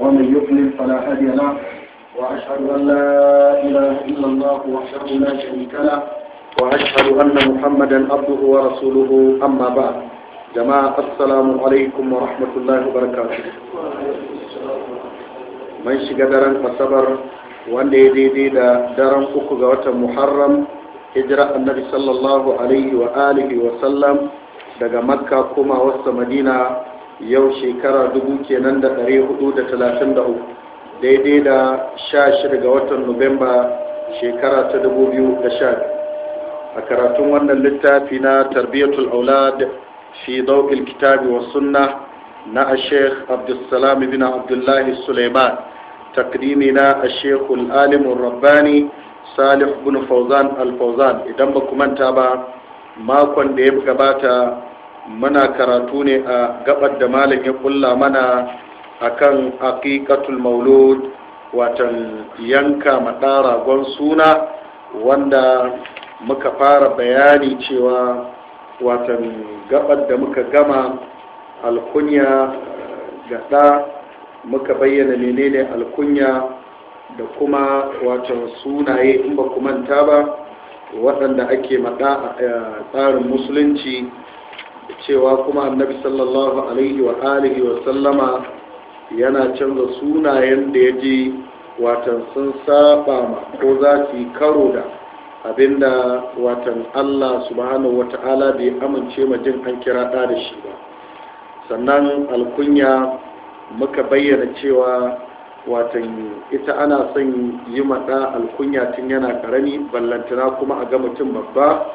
ومن يضلل فلا هادي له وأشهد أن لا إله إلا الله وحده لا شريك له وأشهد أن محمدا عبده ورسوله أما بعد جماعة السلام عليكم ورحمة الله وبركاته من shiga daren asabar wanda ya daidai da daren uku ga watan muharram hijira annabi sallallahu alaihi wa daga makka kuma wasu madina yau shekara dubu kenan da ɗari hudu da talatin da uku daidai da sha shida ga watan nuwamba shekara ta dubu biyu da sha a karatun wannan littafi na tarbiyyatul aulad fi daukil kitabi wa sunna na ashekh abdulsalam bin abdullahi suleiman takdimi na ashekh alimun rabbani salih bin fauzan al-fauzan idan ba ku manta ba makon da ya gabata muna karatu ne a gabar da malam ya kulla mana akan aqiqatul maulud watan yanka madara gon suna wanda muka fara bayani cewa watan gabar da muka gama alkunya gada muka bayyana menene alkunya da kuma watan sunaye in ba ku manta ba waɗanda ake maɗa a tsarin musulunci cewa kuma annabi sallallahu alaihi wa alihi wa sallama yana canza sunayen da ya je watan sun saba ma ko za su karo da abinda watan Allah subhanahu wata'ala bai amince ma jin an kira ɗa da shi ba sannan alkunya muka bayyana cewa watan ita ana son yi maɗa alkunya tun yana karami ballantana kuma a ga mutum babba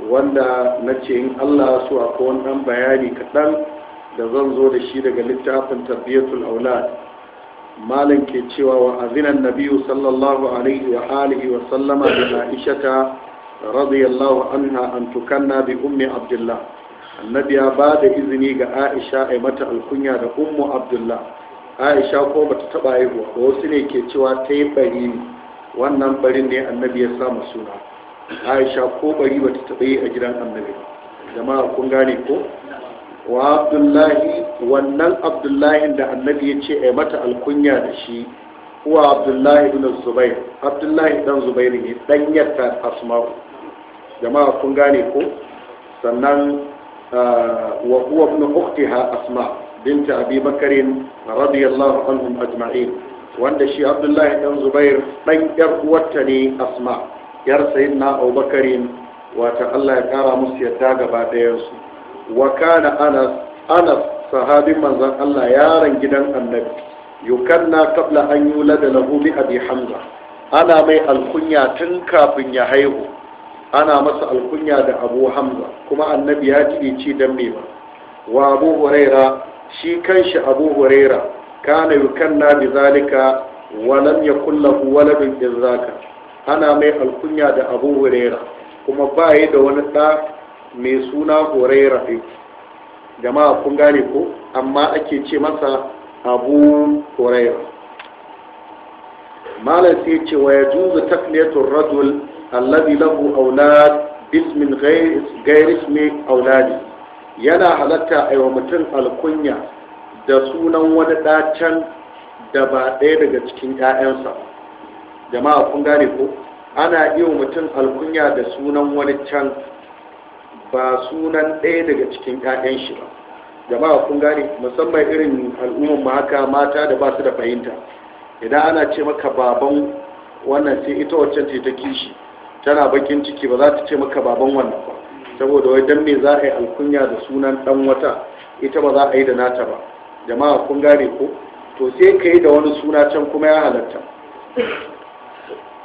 wanda na ce in Allah su a wani ɗan bayani kaɗan da zan zo da shi daga littafin tarbiyyatul aulad malam ke cewa wa azinan nabiyu sallallahu alaihi wa alihi wa sallama da aishata radiyallahu anha an tukanna bi ummi abdullah annabi ya ba da izini ga aisha ai mata alkunya da ummu abdullah aisha ko bata taba haihuwa wasu ne ke cewa ta yi bari wannan barin ne annabi ya samu suna aisha ko bari ba ta taɓa yi a gidan annabi jama'a kun gane ko wa abdullahi wannan abdullahi da annabi ya ce a mata alkunya da shi Wa abdullahi ibn zubair abdullahi dan zubairu ne dan yarta asma'u jama'a kun gane ko sannan ah, wa huwa ibn ukhtiha asma bint abi bakarin radiyallahu anhum ajma'in wanda shi abdullahi dan zubair dan yar uwarta ne asma' yar sayyidina Abubakar wata Allah ya kara musu yadda gaba ɗayan su wa kana Anas Anas sahabin manzan Allah yaron gidan Annabi na kabla an yi yulada lahu bi Abi Hamza ana mai alkunya tun kafin ya haihu ana masa alkunya da Abu Hamza kuma Annabi ya ji ci dan mai ba wa Abu Huraira shi kanshi Abu Huraira kana yukanna bi zalika wa lam yakul waladun zaka ana mai alkunya da abu huraira kuma ba yi da wani ɗa mai suna huraira ɗin jama'a kun gane ko amma ake ce masa abu huraira malam sai ce wa ya juzu takliyatun rajul allazi lahu aulad bismin gairismi auladi yana halatta a wa mutum alkunya da sunan wani ɗacen da ba ɗaya daga cikin 'ya'yansa jama'a kun gane ko ana iya mutum alkunya da sunan wani can ba sunan ɗaya daga cikin 'ya'yan shi ba jama'a kun gane musamman irin al'umman mu haka mata da ba su da fahimta idan ana ce maka baban wannan sai ita waccan ce ta kishi tana bakin ciki ba za ta ce maka baban wannan ba saboda wai dan me za a yi alkunya da sunan dan wata ita ba za a yi da nata ba jama'a kun gane ko to sai ka yi da wani suna can kuma ya halatta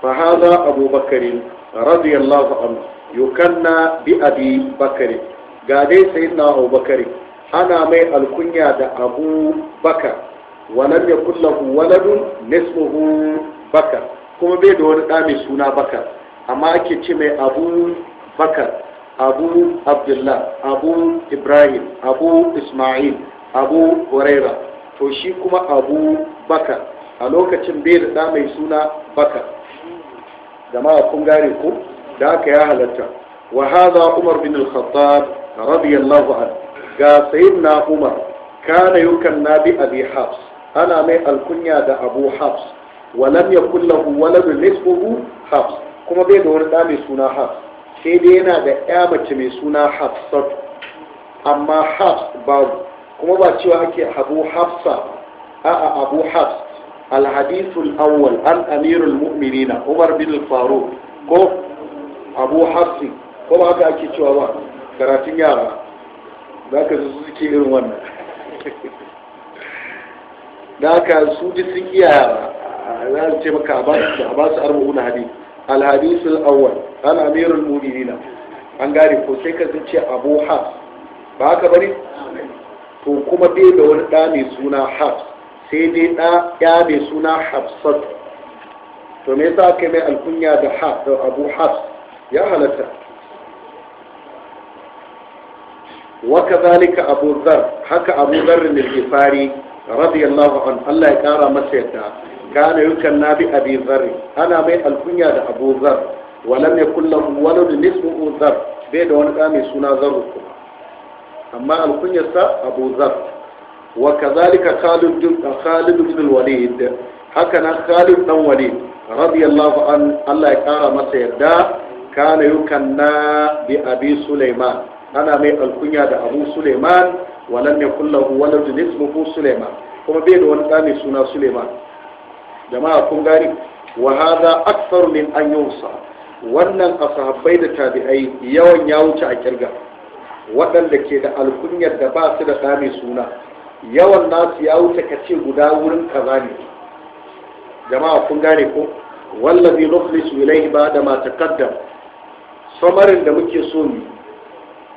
فهذا أبو بكر رضي na عنه يكنى بأبي بكر قال سيدنا أبو بكر أنا مي الكنيا أبو بكر ولم يكن له ولد kuma bai da wani ɗa mai suna bakar amma ake ce mai abu bakar abu abdullah abu ibrahim abu ismail abu huraira to shi kuma abu bakar a lokacin bai da ɗa mai suna bakar jama'a kun gane ko da haka ya halatta wa hadha umar bin al-khattab radiyallahu anhu ga sayyidina umar kana yukanna bi abi hafs ana mai alkunya da abu hafs wa lam yakul lahu waladun nisbuhu hafs kuma bai da wani ɗa mai suna hafs sai dai yana da ƴa mace mai suna hafsat amma hafs babu kuma ba cewa ake habo hafsa a'a abu hafs الحديث الأول عن أمير المؤمنين عمر بن الفاروق كو أبو حفص كما هكا أكي تشوابا كراتين يارا ذاك سوزوكي إروانا ذاك سوزوكي يارا لا تمك عباس عباس أربعون حديث الحديث الأول عن أمير المؤمنين an gane ko sai ka zuce abu hafs ba haka bane to kuma bai da wani ɗa mai suna hafs sai dai ɗa ya mai suna hafsat to me yasa kai mai alkunya da abu hafs ya halatta waka zalika abu zar haka abu zar ne gifari radiyallahu an Allah ya kara masa yadda kana yukan nabi abi zar ana mai alkunya da abu zar walam yakul lahu walad nisbu zar bai da wani da mai suna zar kuma amma alkunyarsa abu zar wa kazalika Khalid Khalid ibn Walid haka nan Khalid dan Walid radiyallahu an Allah ya kara masa yarda kana yukanna bi Abi Sulaiman ana mai alkunya da Abu Sulaiman walam yakul lahu waladun ismuhu Sulaiman kuma bai da wani ɗa suna Sulaiman jama'a kun gani wa hadha min an yunsa wannan asahabbai da tabi'ai yawan ya wuce a ƙirga. waɗanda ke da alkunyar da basu da ɗa suna yawan nasu ya wuce ka ce guda wurin kaza ne jama'a kun gane ko wallazi nuflisu ilaihi ba da mata kaddam samarin da muke so mu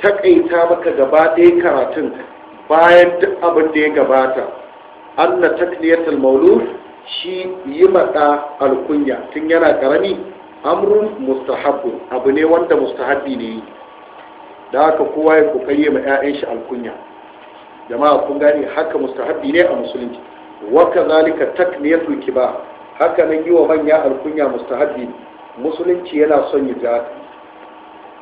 takaita maka gaba ɗaya karatun bayan duk abin da ya gabata anna takliyatul maulud shi yi maɗa alkunya tun yana ƙarami amrun mustahabu abu ne wanda mustahabbi ne da haka kowa ya kokari ma 'ya'yan shi alkunya jama'a kun gane haka mustahabbi ne a musulunci wa kazalika takmiyatul kiba haka nan yiwa manya alkunya mustahabbi musulunci yana son ya ja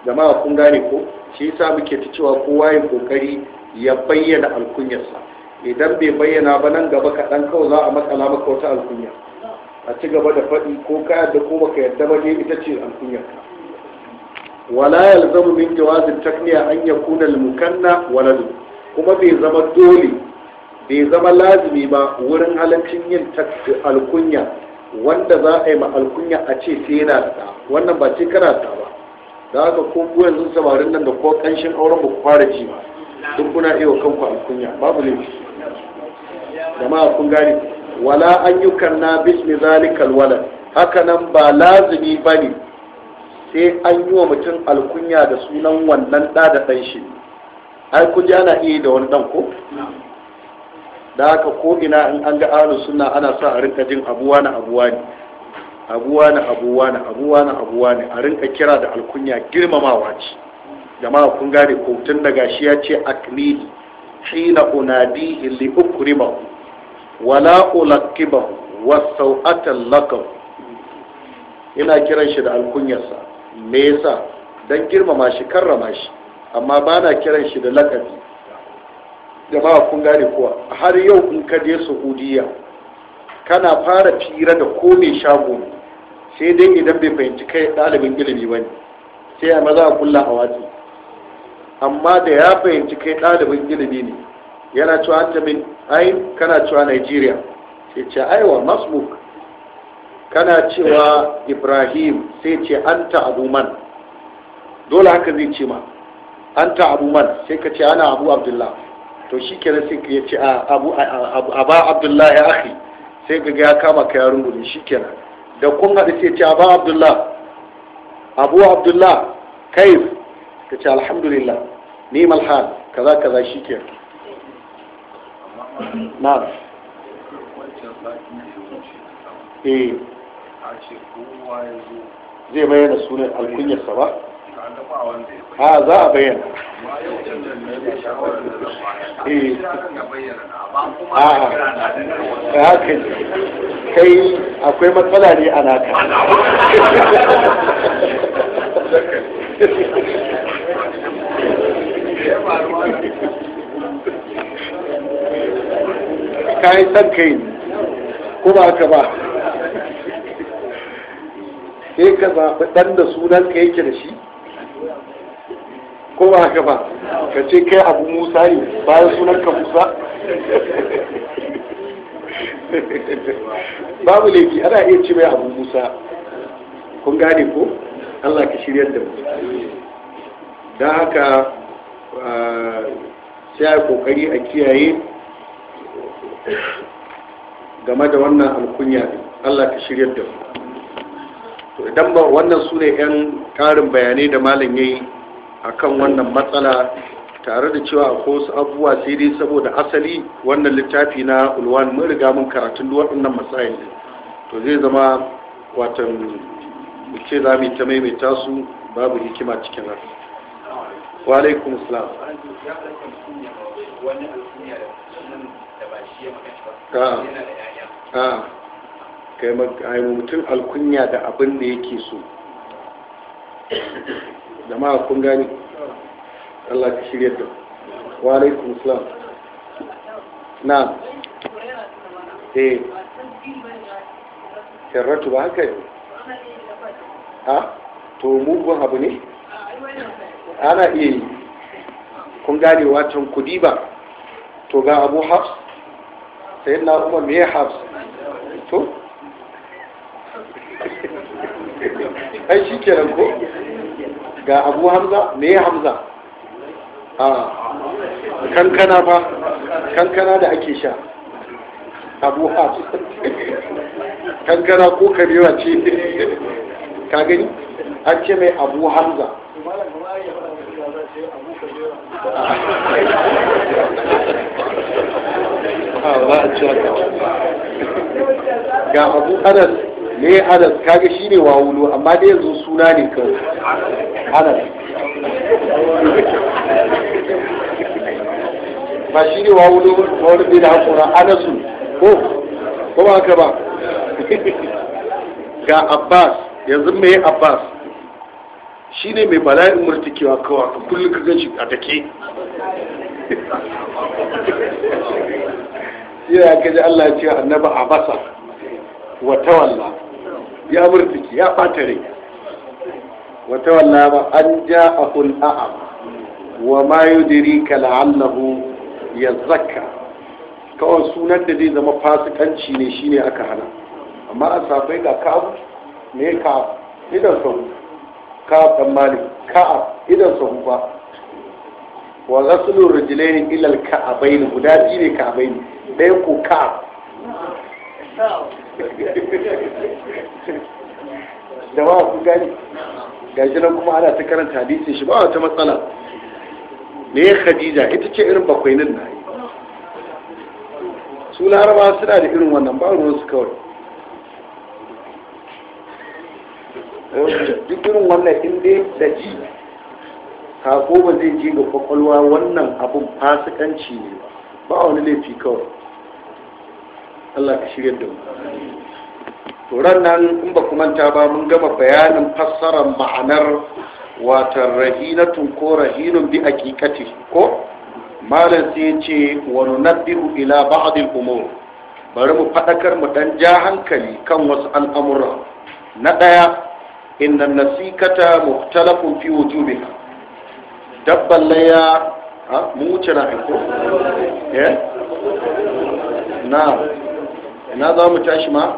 jama'a kun gane ko shi yasa muke ta cewa kowa ya kokari ya bayyana alkunyarsa idan bai bayyana ba nan gaba kaɗan kawai za a matsala maka wata alkunya a ci gaba da faɗi ko ka yadda ko baka yadda ba ne ita ce ka. wala yalzamu min jawazin takniya an yakuna al-mukanna kuma bai zama dole bai zama lazimi ba wurin halaccin yin alkunya wanda za a yi ma alkunya a ce sai yana da wannan ba ce kana da ba Za ka ko yanzu samarin nan da ko kanshin auren ba ku fara ji ba duk kuna iya kanku alkunya babu ne, jama'a kun gane wala ayyukan na bismi zalikal wala haka nan ba lazimi bane sai an yi wa mutum alkunya da sunan wannan da da ɗan shi ai kun ana iya da wani dan ko da haka ko ina in an ga ahlus sunna ana sa a rinka jin abuwa na abuwa ne abuwa na abuwa na abuwa na abuwa ne a rinka kira da alkunya girmamawa ce jama'a kun gane ko tun daga shi ya ce akmili hina unadihi li ukrimahu wala ulaqibahu wasau'atan lakum ina kiran shi da alkunyarsa me yasa dan girmama shi karrama shi amma ba na kiran shi da lakabi jama'a kun gane kuwa har yau in ka je saudiya kana fara fira da ko mai shago sai dai idan bai fahimci kai ɗalibin ilimi ba ne sai a maza a kulla a watsi amma da ya fahimci kai ɗalibin ilimi ne yana cewa an tamin ai kana cewa nigeria sai ce aiwa masmuk kana cewa ibrahim sai ce anta man? dole haka zai ce ma anta abu man sai ka ce ana abu abdullah to shi kenan sai ka ce a ba abdullah ya akhi sai ka ga ya kama ka yarin gudu shi kenan da kun haɗu sai ce a ba abdullah abu abdullah kaif ka ce alhamdulillah ni malhan kaza kaza shi kenan na eh zai bayyana sunan alkunyarsa ba a ah, za a bayyana eh. a ah, ah. haka kai akwai matsala ne a naka kayan san kai ko ba ba sai eh, ka zaɓi ɗan da sunan ka yake da shi ko ba haka ba ka ce kai abu musa ne bayan sunan ka musa babu laifi ana iya ce mai abu musa kun gane ko allah ka shirya da mu don haka sai a kokari a kiyaye game da wannan alkunya allah ka shirya da mu idan ba wannan su ne 'yan karin bayanai da malam ya yi akan wannan matsala tare da cewa akwai wasu abubuwa sai dai saboda asali wannan littafi na ulwan mun riga mun karatun duk waɗannan matsayin to zai zama watan mu ce za mu ta maimaita su babu hikima cikin nan wa alaikum salam a kai mutum alkunya da abin da yake so jama'a kun gani Allah ka shirya da wa alaikum salam na eh Tarratu ba haka ne ha to mugun abu ne ana iya yi kun gane watan kudi ba to ga abu hafs sai na umar me hafs to ai shi kenan ko ga abu hamza me ya hamza a kankana ba kankana da ake sha abu hamza kankana ko kabewa ce ka gani an ce mai abu hamza ga abu anas ne anas kaga shi ne wawulo amma dai yanzu suna ne kan anas ba shi ne wawulo wani bai da hankura anasu ko ko ba haka ba ga abbas yanzu mai abbas shi ne mai bala'in murtikewa kawa kullum ka ganshi a take yana kaji allah ya ce annaba abasa wa tawalla ya murtuki ya ɓata rai wata wallah ba an ja a a, wa ma yudiri ka la'allahu ya zakka kawai sunan da zai zama fasikanci ne shine aka hana amma a safai ga ka'ab ne ka idan sahu ka dan mali ka'ab idan sahu ba wa ghaslur rijlaini ila al-ka'abain guda ji ne ka'abain ɗaya ko ka'ab da ba ku gani gashi nan kuma ana ta karanta hadisin shi ba wata matsala ne ya khadija ita ce irin bakwai nan na yi su laraba suna da irin wannan ba ruwan su kawai duk irin wannan inda da ji ko ba zai je ga kwakwalwa wannan abun fasikanci ne ba wani laifi kawai Allah ka shirya da mu turan nan in ba manta ba mun gama bayanin fassarar ma'anar watan rahinatun ko rahinun bi a kikati ko malam sai ya ce wa nunabbihu ila a umur bari mu faɗakar mu ɗan ja hankali kan wasu al'amura na ɗaya, inda nasikata mukhtalafun fi wujubiha dabban laya mu wuce na eh? na ina za mu tashi ma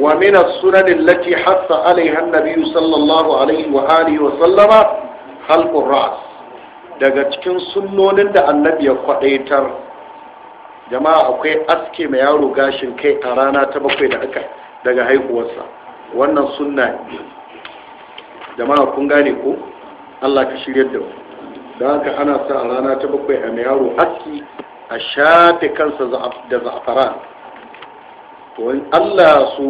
wa min as-sunan allati hassa alaiha an-nabi sallallahu alaihi wa alihi wa sallama halqur ra's daga cikin sunnonin da annabi ya kwadaitar jama'a akwai aske mai yaro gashin kai a rana ta bakwai da aka daga haihuwarsa wannan sunna jama'a kun gane ko Allah ka shirya da mu da haka ana sa a rana ta bakwai a mai yaro aski a shafe kansa da za'afaran to in Allah so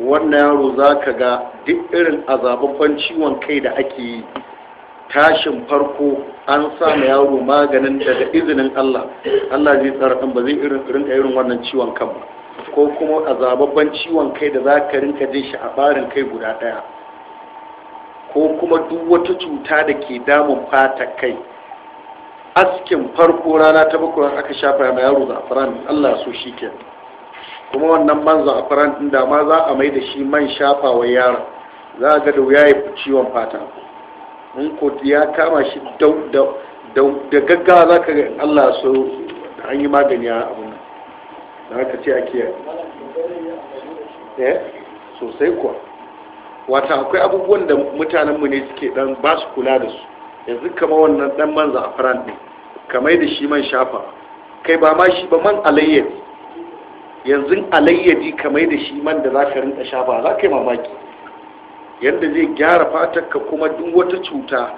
wannan yaro za ka ga duk irin azababban ciwon kai da ake yi tashin farko an sa ma yaro maganin da da izinin Allah Allah zai tsara kan ba zai irin da irin wannan ciwon kan ba ko kuma azababban ciwon kai da za ka rinka je shi a barin kai guda ɗaya ko kuma duk wata cuta da ke damun fata kai askin farko rana ta bakwai aka shafa mai yaro za'afiran Allah so shi kenan kuma wannan man zafaran din da ma za a mai da shi man shafa wa yaron za a ga da wuya ya fi ciwon fata in ko ya kama shi da gaggawa za ka ga Allah so an yi magani a abin nan da aka ce a kiyaye eh sosai kuwa wata akwai abubuwan da mutanenmu ne suke dan ba su kula da su yanzu kama wannan dan man zafaran din kamar da shi man shafa kai ba ma shi ba man alayyar yanzu alayyadi kamar da shi man da za ka rinka sha ba za ka yi mamaki yadda zai gyara ka kuma duk wata cuta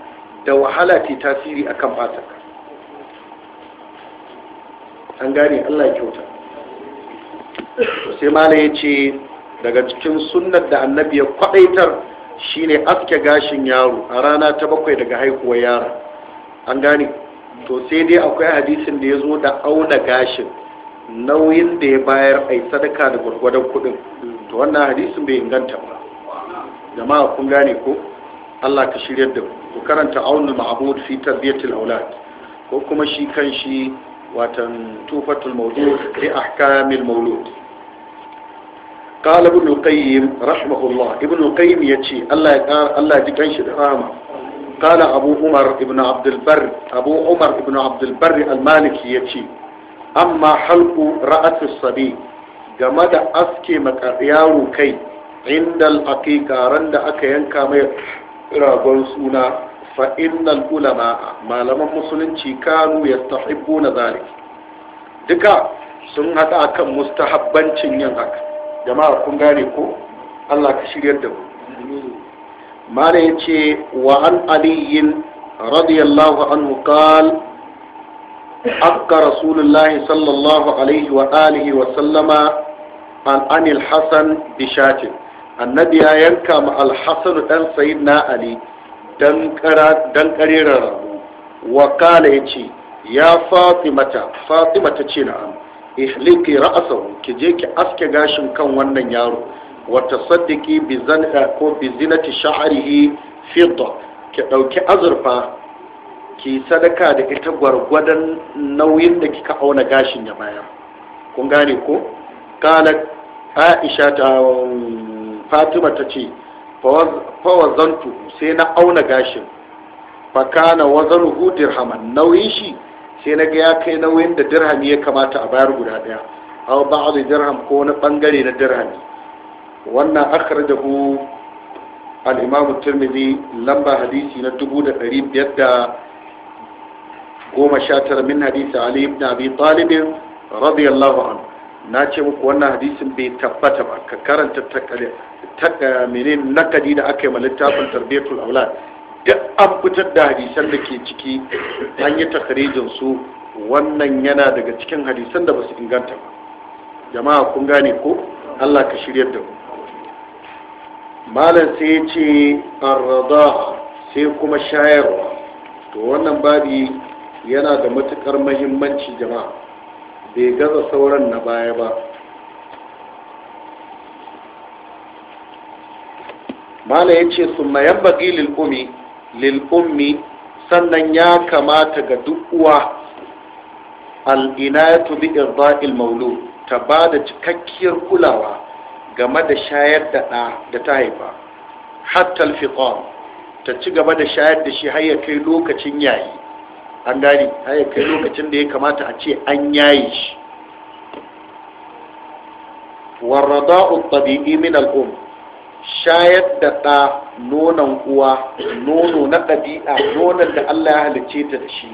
da wahala ta tasiri a kan fatarka an gane allah kyauta sai mala ya ce daga cikin sunnar da annabi ya kwadaitar shine aske gashin yaro a rana ta bakwai daga haihuwar yara an gane to sai dai akwai hadisin da ya zo da auna gashin nauyin da ya bayar a yi sadaka da gwargwadon kuɗin to wannan hadisin bai inganta ba jama'a kun gane ko Allah ka shiryar da ku karanta aunul ma'bud fi tarbiyatil aulad ko kuma shi kan shi watan tufatul mawdud li ahkamil mawlud قال ابن القيم رحمه الله ابن القيم يتشي الله يقار الله يتكنش دعامة قال أبو عمر ابن عبد البر أبو عمر ابن عبد البر المالكي يتشي amma halku ra'atis sabi game da aske yaro kai inda al'aƙiƙa ran da aka yanka mai ragon suna fa ulama malaman musulunci kanu na zalik duka sun haɗa kan mustahabbancin yin haka jama'a kun gane ko Allah ka shiryar da ku. mala yace wa an aliyin radiyallahu anhu qala أبقى رسول الله صلى الله عليه وآله وسلم عن عن الحسن بشات النبي ينكى مع الحسن أن سيدنا علي دنكرير وقال يتي يا فاطمة فاطمة تشينعم ihliki ra'asahu ki je ki aske gashin kan wannan yaro wa tasaddiqi bi zanqa ko bi zinati sha'rihi fidda ki dauki azurfa ki sadaka da ita gwargwadon nauyin da kika auna gashin ya bayar kun gane ko kala aisha ta um, fatima ta ce fawazantu sai na auna gashin fakana hu dirhaman nauyin shi sai na ga ya kai nauyin da dirhami ya kamata a bayar guda daya ba a dirham ko na bangare na dirhami wannan akhrajahu al-imam tirmidhi lamba hadisi na 1500 goma sha tara min hadisi ali ibn abi talibin radiyallahu anhu na ce muku wannan hadisin bai tabbata ba ka karanta taka eh, mene nakadi da aka yi littafin tarbiyatul aulad duk an fitar da hadisan da ke ciki yi takarijin su wannan yana daga cikin hadisan da basu inganta ba jama'a kun gane ko allah ka shirya da ku. malam sai ce arrada sai kuma shayarwa to wannan babi yana da matukar mahimmanci jama'a bai gaza sauran na baya ba mala ya ce su mayan baƙi lil'ummi lil'ummi sannan ya kamata ga duk uwa ya tobi irda'il maulu ta ba da cikakkiyar kulawa game da shayar da ɗa da ta haifa hatta alfiqam ta ci gaba da shayar da shi har ya kai lokacin yayi an gane haya kai lokacin da ya kamata a ce an yaye shi warrada'u tabi'i min al'um shayar da ɗa nonon uwa nono na ɗabi'a nonon da Allah ya halice ta da shi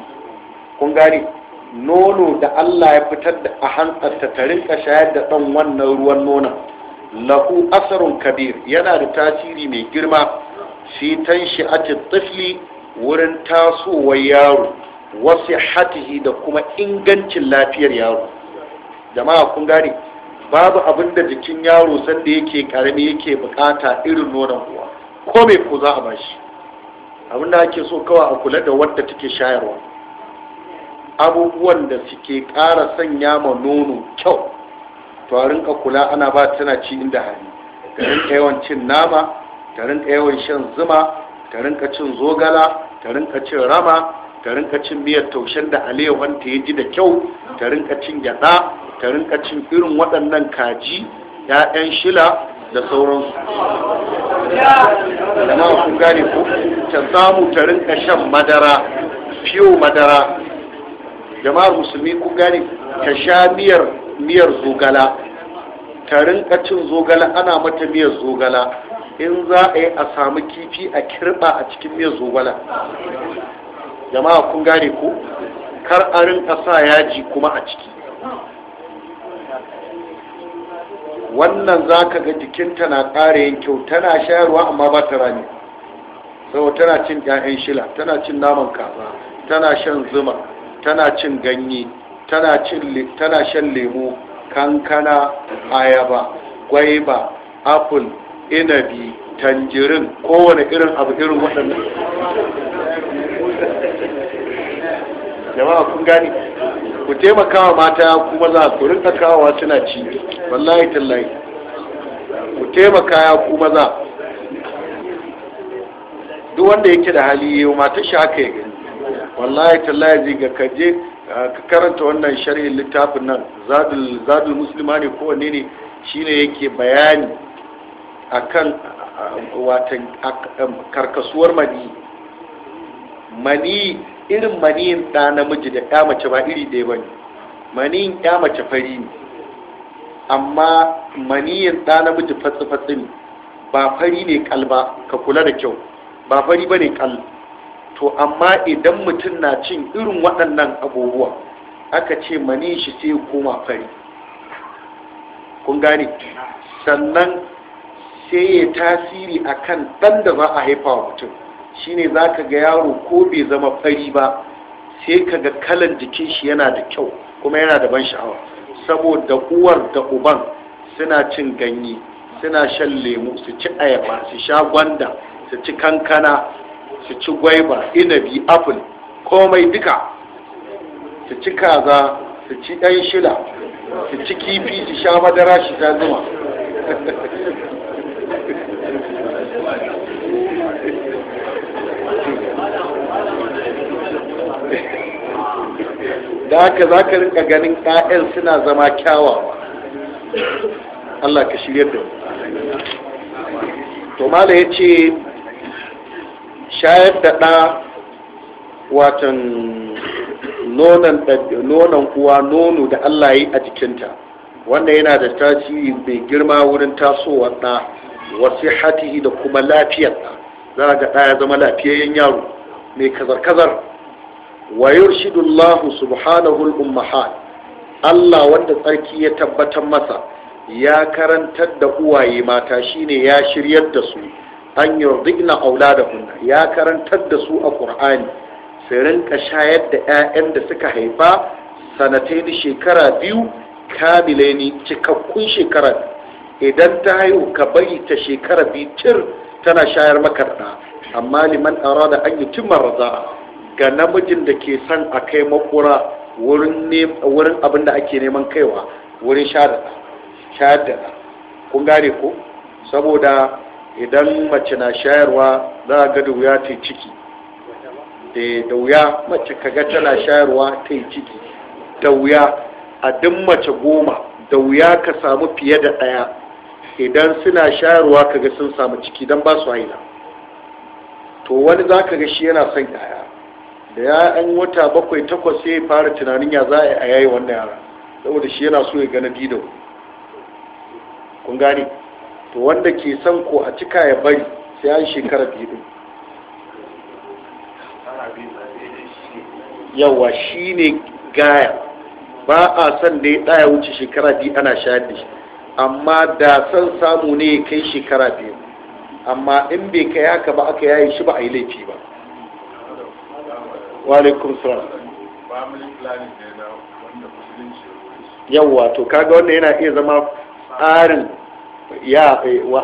kun gani nono da Allah ya fitar da a hantsarta ta rinka shayar da ɗan wannan ruwan nonon lahu asarun kabir yana da tasiri mai girma sitan shi a tifli wurin tasowar yaro wasu hatihi da kuma ingancin lafiyar yaro jama'a kun gane babu abin da jikin yaro sanda yake karami yake bukata irin nonon uwa ko mai ko za a bashi abin da ake so kawai a kula da wadda take shayarwa abubuwan da suke ƙara sanya ma nono kyau to a rinka kula ana ba tana ci inda hali ta rinka yawan cin nama ta rinka yawan shan zuma ta rinka cin zogala ta rinka cin rama ta rinka cin miyar taushen da alewan ta ya ji da kyau ta rinka cin gyada ta rinka cin irin waɗannan kaji ya'yan shila da sauransu jama'a kun gane ko ta samu ta rinka shan madara fiyo madara jama'ar musulmi kun gane ta sha miyar miyar zogala ta rinka cin zogala ana mata miyar zogala in za a yi a samu kifi a kirba a cikin miyar zogala jama'a kun gane ko kar a rinka sa yaji kuma a ciki wannan za ka ga jikinta na ƙara yin kyau tana shayarwa amma ba ta rami sau tana cin 'ya'yan shila tana cin naman kaza tana shan zuma tana cin ganye tana shan lemu kankana ayaba gwaiba apple inabi tanjirin kowane irin abu irin waɗannan jama'a kun gani ku taimakawa mata kuma za ku rinka kawowa suna ci wallahi tallahi ku taimaka ya kuma za duk wanda yake da hali yau mata shi haka ya gani wallahi tallahi zai ga kaje ah, ka karanta wannan shari'in littafin nan zadul zadul ko ne ne shine yake bayani akan watan karkasuwar mani mani irin maniyin ɗa namiji da ya mace ba iri ɗaya ba ne maniyin ya mace fari ne amma maniyin ɗa namiji fatsi-fatsi ne ba fari ne kal ba ka kula da kyau ba fari ba ne kal to amma idan mutum na cin irin waɗannan abubuwa aka ce mani shi sai koma fari kun gane sannan sai ya tasiri akan ɗan da za a haifa wa mutum shine za ka ga yaro ko bai zama fari ba sai ka ga kalan jikin shi yana da kyau kuma yana da ban sha'awa saboda uwar da uban suna cin ganye suna shan lemu su ci ayaba su sha gwanda su ci kankana su ci gwaiba inabi apple komai duka su ci kaza su ci ɗan shila su ci kifi su sha madara shi ta zuma da haka za ka rinka ganin 'ya'yan suna zama kyawawa Allah ka shirya da to mala ya ce shayar da ɗa watan nonon uwa nono da Allah yi a jikinta wanda yana da tasiri mai girma wurin tasowar ɗa wasu hatihi da kuma lafiyar ɗa za ga ɗa ya zama lafiyayyen yaro mai kazar-kazar wa yurshidullahu subhanahu al-ummahat Allah wanda tsarki ya tabbatar masa ya karantar da uwaye mata shine ya shiryar da su an yurdina auladahunna ya karantar da su a Qur'ani su rinka shayar da 'ya'yan da suka haifa sanataini shekara biyu kamilaini cikakkun shekara idan ta haihu ka bari ta shekara biyu tir tana shayar makarɗa amma liman arada an yi timar raza'a ga namijin da ke son a kai makura wurin abin da ake neman kaiwa wurin shayar da kun gane ko saboda idan mace na shayarwa za a ga da wuya ta ciki da wuya mace kaga tana shayarwa ta yi ciki da wuya a duk mace goma da wuya ka samu fiye da ɗaya idan suna shayarwa kaga sun samu ciki don ba su haila to wani za ka ga shi yana son yaya da ya wata bakwai takwas sai ya fara tunanin ya za a yayi wannan yara saboda shi yana so ya gana dido kun gane to wanda ke son ko a cika ya bari sai an shekara biyu yawa shi ne gaya ba a son da ya ɗaya wuce shekara biyu ana shayar da shi amma da san samu ne ya kai shekara biyu amma in bai kai haka ba aka yayi shi ba a yi laifi ba wa salam yawwa to kaga wannan yana iya zama tsarin ya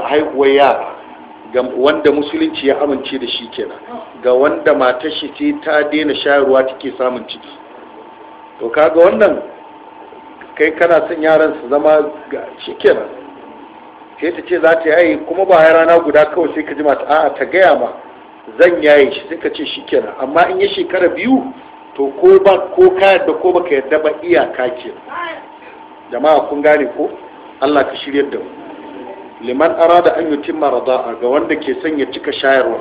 haihuwa ya ga wanda musulunci ya amince da shi kenan ga wanda mata shi ce ta daina shayarwa take samun ciki to kaga wannan kai kana son yaran su zama ga shi kenan sai ta ce za ta yi kuma ba rana guda kawai sai ka ji mata a'a ta gaya ma zan yaye shi suka ce shi kenan amma in ya shekara biyu to ko ba ko ka yadda ko baka yadda ba iyaka ke jama'a kun gane ko Allah ka shirya da liman arada an yutimma rada'a ga wanda ke son ya cika shayarwa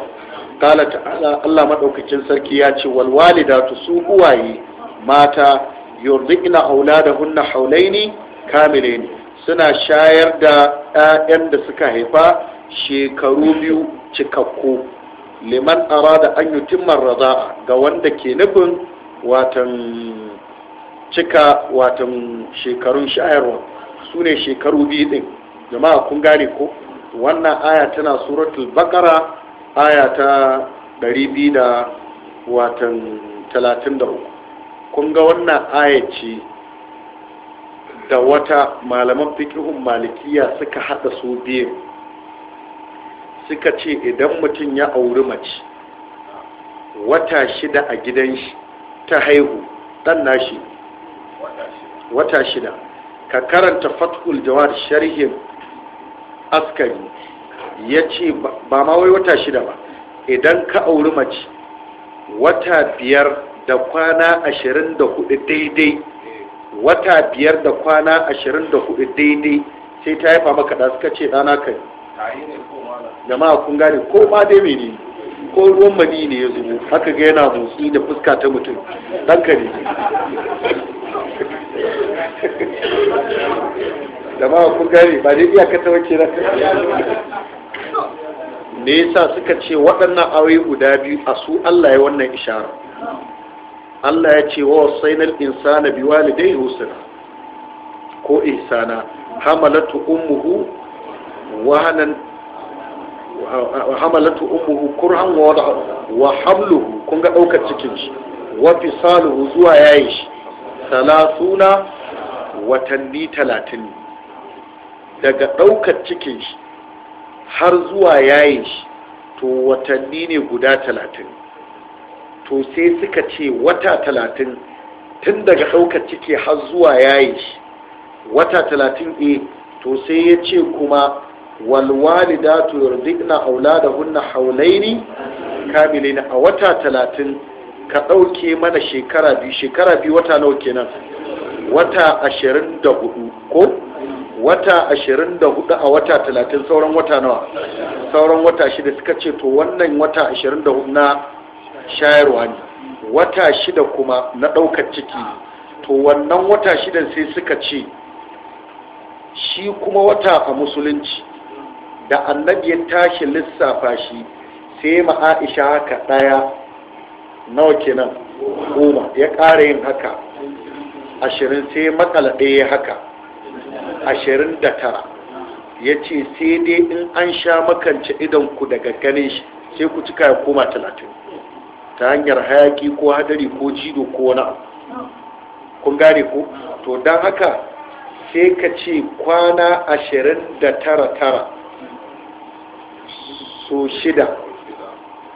Kala ta'ala Allah Maɗaukacin sarki ya ce wal walidatu su uwaye mata ina yurdina auladahunna haulaini kamilaini suna shayar da 'ya'yan da suka haifa shekaru biyu cikakku liman arada an yutimma raza ga wanda ke nufin watan cika watan shekarun shayarwa su ne shekaru biyu din jama'a kun gane ko wannan aya tana suratul bakara aya ta biyu da watan uku. kun ga wannan aya ce da wata malaman fikihun malikiya suka hada su biyu suka ce idan mutum ya auri mace wata shida a gidan shi ta haihu dan nashi wata shida ka karanta fatkul jawar sharhin askari ya ce ba ma wai wata shida ba idan ka auri mace wata biyar da kwana ashirin da hudu daidai wata biyar da kwana ashirin da hudu daidai sai ta haifa maka da suka ce ɗana kai jama'a kun gane ko ma dai mene ko ruwan mani ne ya zubo haka ga yana motsi da fuska ta mutum ɗanka ne jama'a kun gane ba dai iyaka ta wace na ne yasa suka ce waɗannan awai guda biyu a su Allah ya wannan ishara Allah ya ce wa wasainal insana biwalidayhi husna ko ihsana hamalatu ummuhu wahanan wa hamalatu ummuhu kurhan wa wada wa hamluhu kun ga daukar cikin shi wa fisaluhu zuwa yayi shi salasuna watanni talatin daga daukar cikin shi har zuwa yayi shi to watanni ne guda talatin to sai suka ce wata talatin tun daga daukar ciki har zuwa yayi shi wata talatin e to sai ya ce kuma walwalidatu yurdina auladahunna haulaini kamilin a wata talatin ka ɗauke mana shekara biyu shekara biyu wata nawa kenan wata ashirin da hudu ko wata ashirin da hudu a wata talatin sauran wata nawa sauran wata shida suka ce to wannan wata ashirin da hudu na shayarwa ne wata shida kuma na ɗaukar ciki to wannan wata shidan sai suka ce shi kuma wata a musulunci da annabi ya tashi lissafa shi sai ma aisha haka ɗaya nawa kenan goma ya ƙara yin haka ashirin sai makala ɗaya haka ashirin da tara ya ce sai dai in an sha makance idonku daga ganin shi sai ku cika ya koma talatin ta hanyar hayaki ko hadari ko jido ko wani kun gane ko to don haka sai ka ce kwana ashirin da tara tara Su shida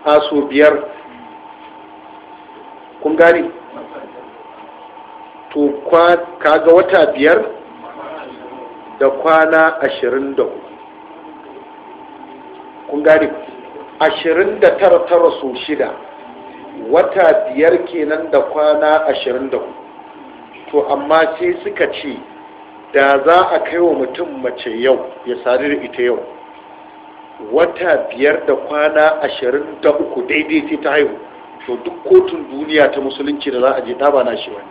a su biyar kun gani to kaga wata biyar da kwana ashirin da kun gani ashirin da tara tara so shida wata biyar kenan da kwana ashirin da to amma sai suka ce da za a kai wa mutum mace yau ya sadu da ita yau wata biyar da kwana ashirin da uku daidai sai ta haihu to duk kotun duniya ta musulunci da za a je ɗaba na shi wani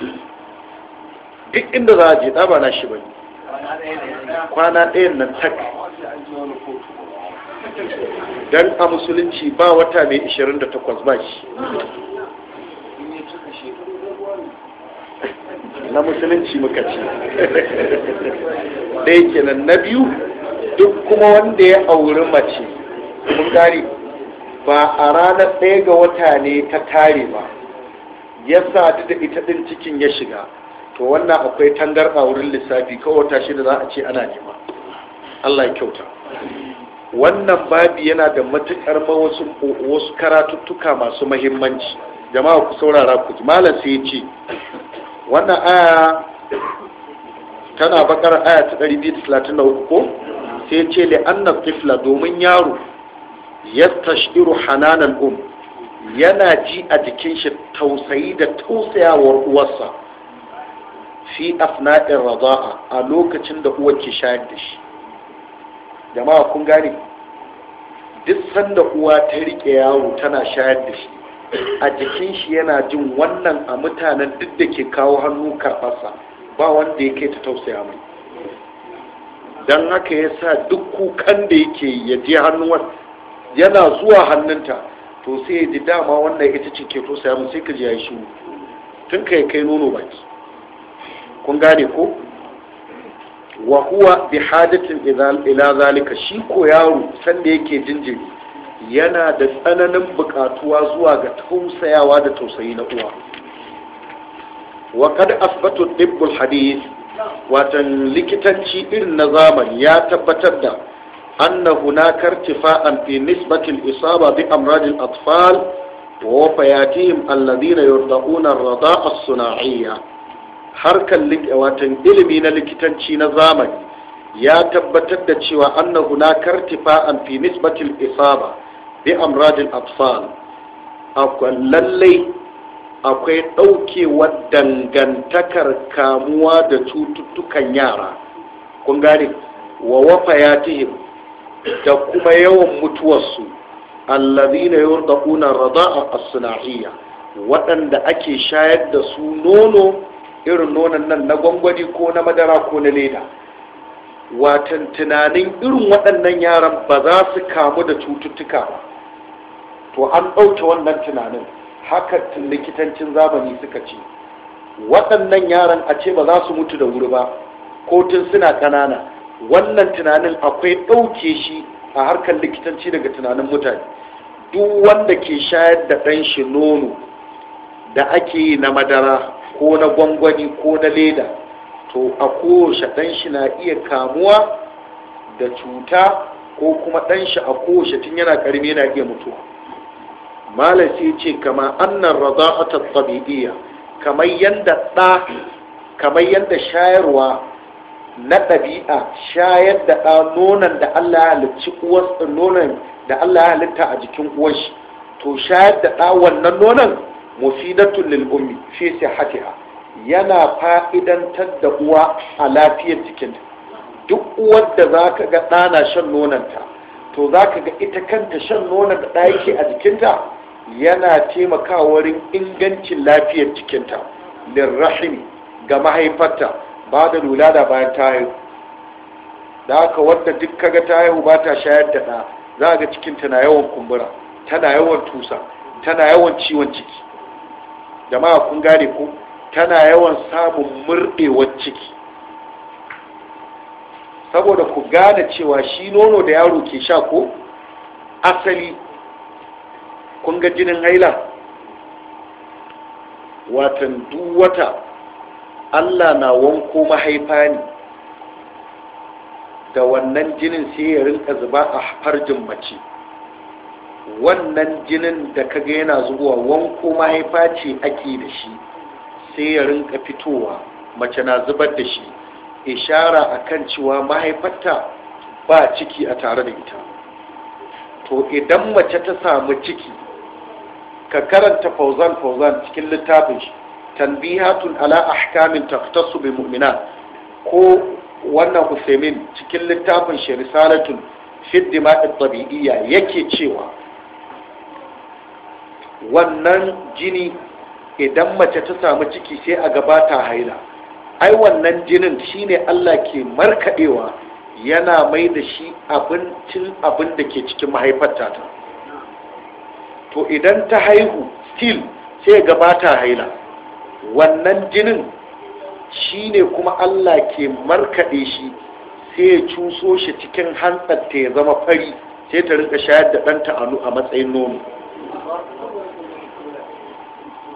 duk inda za a je ɗaba na shi wani kwana ɗayan nan tak don a musulunci ba wata mai ashirin da takwas ba shi na musulunci muka ce ɗaya kenan na biyu duk kuma wanda ya auri mace mun gari ba a ranar ɗaya ga wata ne ta tare ba ya sadu da ita ɗin cikin ya shiga to wannan akwai tangar a wurin lissafi kawai wata shida za a ce ana nema allah ya kyauta wannan babi yana da matuƙar wasu karatuttuka masu mahimmanci jama'a ku saurara ku ji. malam sai ce wannan aya tana bakar aya ta 234 ko sai ce li anna tifla domin yaro tashiru hananan um yana ji a jikin shi tausayi da tausayawar uwarsa fi afna'in raza'a a lokacin da uwar ke shayar da shi jama'a kun gane duk sanda uwa ta rike yaro tana shayar da shi a jikin shi yana jin wannan a mutanen duk da ke kawo hannu karɓarsa ba wanda ya kai ta tausaya mai don haka ya sa duk kukan da yake ya je hannuwan yana zuwa hannunta to sai ya ji dama wannan ita ce ke tosa ya sai ka ya yi shi tun ka kai nono baki kun gane ko wa huwa bi hadatin ila zalika shi ko yaro sanda yake jinjiri yana da tsananin bukatuwa zuwa ga tausayawa da tausayi na uwa wa kad asbatu dibbul hadith watan likitanci irin na zamani ya tabbatar da anna hunaka irtifa'an fi nisbati isaba bi amrad atfal wa wafayatihim alladhina yurda'una ar-rida'a as-suna'iyya harkan watan ilimi na likitanci na zamani ya tabbatar da cewa anna hunaka irtifa'an fi nisbati isaba bi amradin atfal akwai lallai akwai ɗaukewar dangantakar kamuwa da cututtukan yara kun gane wa wafa da kuma yawan mutuwarsu allazina yurdaquna rada'a as-sunahiyya waɗanda ake shayar da su nono irin nonon nan na gwangwani ko na madara ko na leda watan tunanin irin waɗannan yaran ba za su kamu da cututtuka ba to an ɗauke wannan tunanin haka likitancin zamani suka ce waɗannan yaran a ce ba za su mutu da wuri ba ko tun suna ƙanana wannan tunanin akwai ɗauke shi a harkar likitanci daga tunanin mutane duk wanda ke shayar da ɗan shi nono da ake yi na madara ko na gwangwani ko na leda to a kowace ɗan shi na iya kamuwa da cuta ko kuma ɗan shi a kowace tun yana ƙarami yana iya mutuwa malasi ce kama annan rada'ata tabi'iyya kamar yanda ɗa kamar yadda shayarwa na ɗabi'a shayar da ɗa nonon da Allah ya halicci uwar nonon da Allah ya halitta a jikin uwar shi to shayar da ɗa wannan nonon mufidatul lil ummi fi sihhatiha yana fa'idantar da uwa a lafiyar jikinta duk uwar da za ka ga ɗana shan nononta to za ka ga ita kanta shan nonon da ɗaya yake a jikinta yana taimakawa wurin ingancin lafiyar cikinta rahim ga mahaifarta ba da lula da bayan ta haihu da aka wadda duk kaga ta haihu ba ta shayar da ɗa za ga cikinta na yawan kumbura tana yawan tusa tana yawan ciwon ciki jama'a kun gane ko tana yawan samun murɗewar ciki saboda ku gane cewa shi nono da yaro ke sha ko asali kun ga jinin haila watan duk wata allah na wanko mahaifa ne da wannan jinin sai ya rinka zuba a farjin mace wannan jinin da kaga yana zuwa wanko mahaifa ce ake da shi sai ya rinka fitowa mace na zubar da shi ishara akan cewa mahaifarta ba ciki a tare da ita to idan mace ta samu ciki ka karanta fauzan fauzan cikin littafin shi tanbihatun ala ahkamin taftasu bi mu'mina ko wannan husaimin cikin littafin shi risalatun fiddima tabi'iyya yake cewa wannan jini idan mace ta samu ciki sai a gabata haila ai wannan jinin shine Allah ke markaɗewa yana mai da shi abincin abin da ke cikin mahaifarta ta to idan ta haihu still sai gabata ta haila wannan jinin ne kuma Allah ke markaɗe shi sai ya cuso shi cikin hantar ta ya zama fari sai ta rika shayar da ɗanta anu a matsayin nono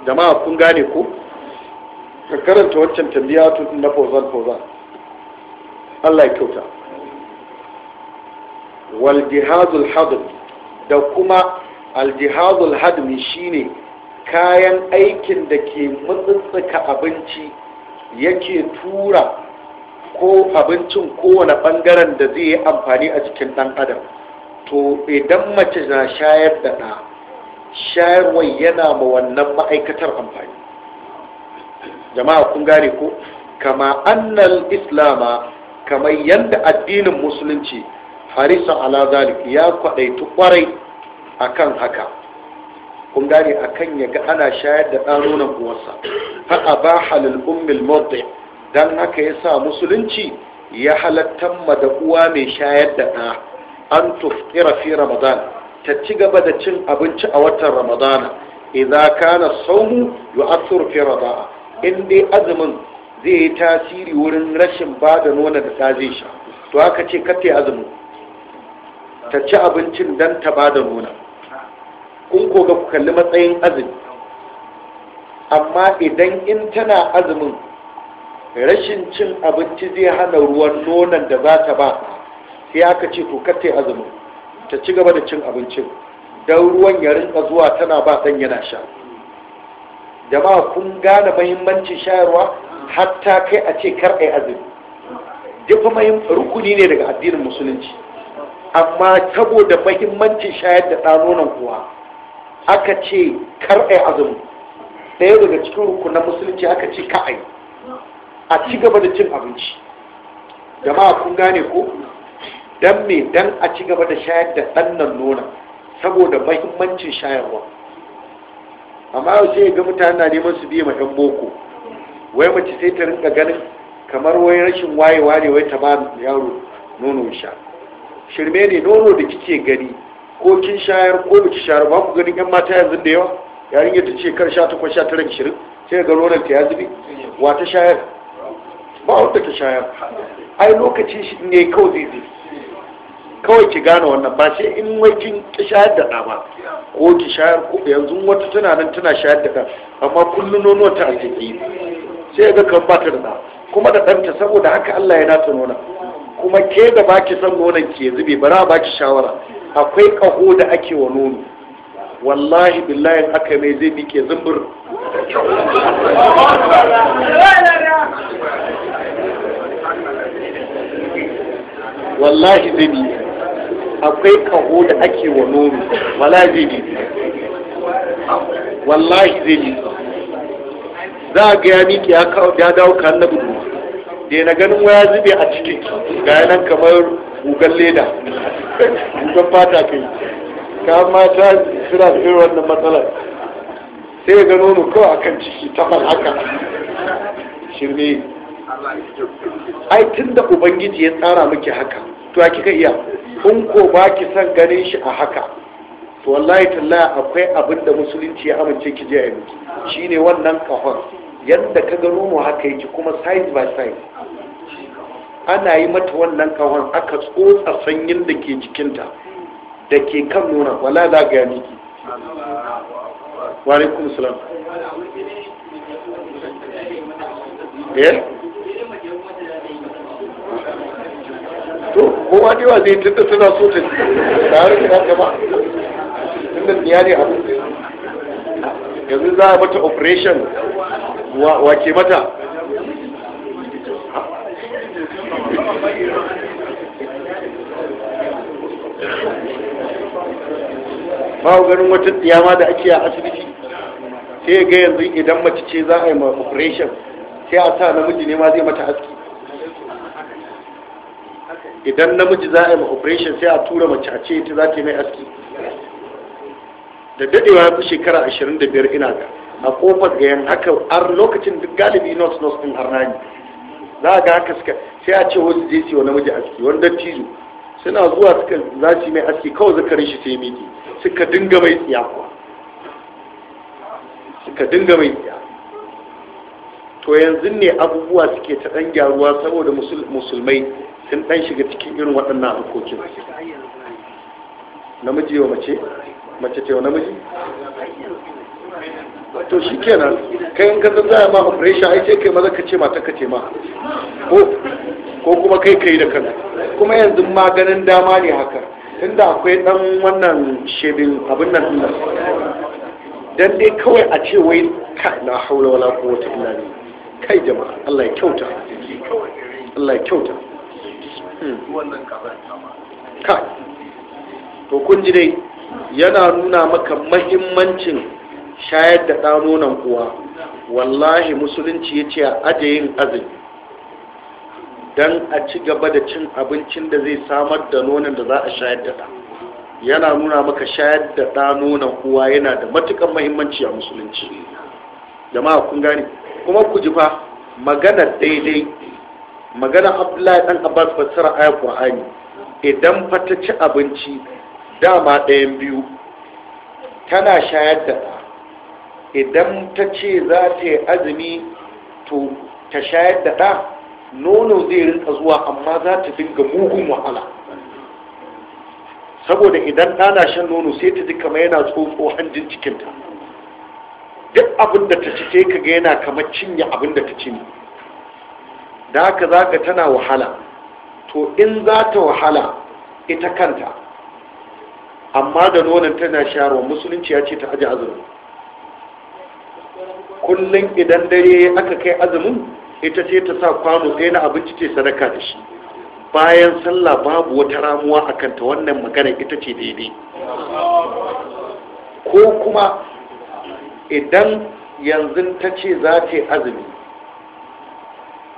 jama'a kun gane ko ka karanta waccan tambiya tutun na fauzan fauzan Allah ya kyauta wal jihadul hadd da kuma aljihazul hadmi shine kayan aikin da ke mutsuka abinci yake tura ko abincin kowane bangaren da zai yi amfani a cikin dan adam to idan mace na shayar da ɗa shayarwar yana ma wannan ma'aikatar amfani jama'a kun gane ko kama annal islama kamar yadda addinin musulunci harisa ala zalik ya kwadaitu kwarai akan haka kun gane akan ya ga ana shayar da ɗanonan uwarsa fa abaha lil ummil murdi dan haka yasa musulunci ya halattan ma da uwa mai shayar da ɗa an tuftira fi ramadan ta ci gaba da cin abinci a watan ramadana idza kana sawmu yu'athiru fi rada'a in dai azumin zai yi tasiri wurin rashin ba da nuna da ta zai to haka ce kate azumin ta ci abincin dan ta bada da nuna kun koga ku kalli matsayin azumi amma idan in tana azumin rashin cin abinci zai hana ruwan nonon da za ta ba sai aka ce to kattai azumin ta ci gaba da cin abincin don ruwan ya rinka zuwa tana ba ɗan yana sha jama'a kun gane mahimmancin shayarwa hatta kai a ce kar ai azumi duk rukuni ne daga addinin musulunci amma saboda mahimmancin shayar da ɗanonon kuwa aka ce kar a yi azumi ɗaya daga cikin hukunan musulunci aka ce ka a yi ci gaba da cin abinci jama'a kun gane ko dan me dan a ci gaba da shayar da ɗannan nuna, saboda mahimmancin shayarwa amma yau sai ga mutane na neman su biya ma boko wai mace sai ta rinka ganin kamar wai rashin wayewa ne wai ta ba yaro nono sha shirme ne nono da kike gani ko kin shayar ko ki shayar ba ku ganin yan mata yanzu da yawa yarinya ta ce kar sha takwas sha tara ishirin sai ga nonon ta ya zube wa ta shayar ba wanda ta shayar ai lokacin shi ne kawai zai zai kawai ki gane wannan ba sai in wai kin ki shayar da ɗa ba ko ki shayar ko yanzu wata tana nan tana shayar da ɗa amma kullum nono ta jiki sai ga kan ba ta da ɗa kuma da ɗanta saboda haka Allah ya nata nona kuma ke da baki san nonon ke ya zube ba baki shawara akwai kaho da ake wa nono wallahi billahi aka mai zai bike zumbur wallahi zai bi akwai kaho da ake wa nono wallahi zai bi wallahi zai bi za a ga ya miƙe ya dawo na annabi da na ganin waya zube a ciki ga yanan kamar gugan leda gugan fata kai ka mata suna da irin wannan matsalar sai ga nono kawai akan ciki ta haka shirme ai tun da ubangiji ya tsara miki haka to ya kika iya kun ko ba ki son ganin shi a haka to wallahi tallahi akwai abin da musulunci ya amince ki je a yi miki shine wannan kahon yadda ka ga mu haka yake kuma size by size ana yi mata wannan kawon aka tsotsa sanyin da ke jikinta da ke kan nuna wala za ga Wa walaikun salam eh to kowa wa zai tunda suna so ta ci da har kina gaba tunda tsiyari abu yanzu za a mata operation wace mata ba ganin wata tsiyama da ake a asibiti sai ga yanzu idan mace ce za a yi ma operation sai a sa namiji ne ma zai mata aski idan namiji za a yi ma operation sai a tura mace a ce ta za ta yi mai aski da dadewa ya fi shekara ashirin da biyar ina ga a kofar yan haka har lokacin duk galibi nos nos din nani za ga haka suka sai a ce wasu je siyo namiji aski wani dattijo suna zuwa suka za su mai aski kawai zakarin shi sai miki suka dinga mai tsiya kuwa suka dinga mai tsiya to yanzu ne abubuwa suke ta dan gyaruwa saboda musulmai sun ɗan shiga cikin irin waɗannan harkokin namiji wa mace mace ce wa namiji to shi kenan kai in ka zaya ma operation ai sai kai maza ka ce mata ka ce ma ko kuma kai kai da kan kuma yanzu maganin dama ne haka tunda akwai dan wannan shebin abin nan nan dan dai kawai a ce wai ka na haula wala ko wata illa ne kai jama'a Allah ya kyauta Allah ya kyauta hmm. wannan ka to kun ji dai yana nuna maka mahimmancin shayar da ɗa nonon uwa wallahi musulunci ya ce a ajiyin azumi don a ci gaba da cin abincin da zai samar da nonon da za a shayar da ɗa yana nuna maka shayar da ɗa nonon uwa yana da matukan mahimmanci a musulunci jama'a kun gane kuma ku ji fa magana daidai magana abdullahi dan abbas fassara ayat qur'ani idan fa ta ci abinci dama ɗayan biyu tana shayar da ɗa idan ta ce za ta yi azumi to ta shayar da ɗa nono zai rinka zuwa amma za ta dinga mugun wahala saboda idan ɗana shan nono sai ta ji kama yana tsotso hanjin cikinta duk abin da ta ci sai ka ga yana kamar cinye abin da ta ci ne da haka za ka tana wahala to in za ta wahala ita kanta amma da nonon tana sharuwa musulunci ya ce ta aji azumin kullum idan dare aka kai azumin ita ce ta sa kwano ɗaya na abinci ce sadaka da shi bayan sallah babu wata ramuwa a kanta wannan magana ita ce daidai ko kuma idan yanzu ta ce za ta yi azumi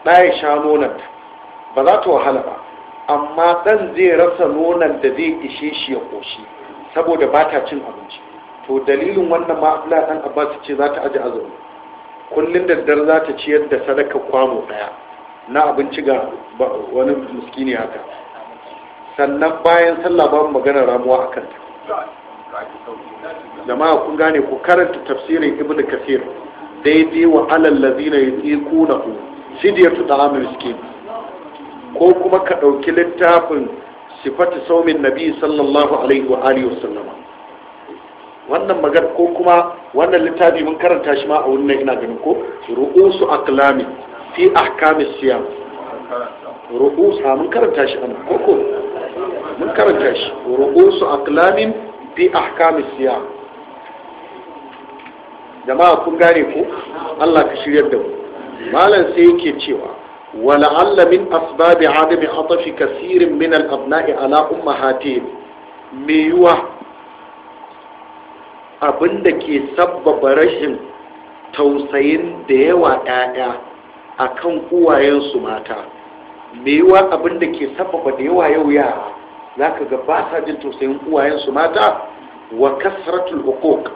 ɗaya sha nonon ba za ta wahala ba amma ɗan zai rasa nonon da zai ishe shi ya ƙoshi saboda ba ta cin abinci to dalilin wannan ma abdullahi dan abbas ce za ta aji azumi kullum da dare za ta ciyar da sadaka kwamo daya na abinci ga wani miskini haka sannan bayan sallah babu magana ramuwa akan ta jama'a kun gane ku karanta tafsirin ibnu kasir daidai wa alal ladina yutiquna sidiyatu ta'am miskin ko kuma ka dauki littafin sifatu saumin nabi sallallahu alaihi wa alihi wasallam wannan magar ko kuma wannan littafi mun karanta shi ma a wannan ina ganin ko ru'usu aqlami fi ahkami siyam Ru'usu mun karanta shi an ko ko mun karanta shi ru'usu aqlamin fi ahkami siyam jama'a kun gane ko Allah ka shiryar da mu malam sai yake cewa ولعل من أسباب عدم عطف كثير من الأبناء على أمهاتهم ميوة abin da ke sabbaba rashin tausayin da yawa ɗaya a kan uwayensu mata maiwa abin da ke sabbaba da yawa yau yara za ka ga ba sa jin tausayin uwayensu mata wa kasratul hukuk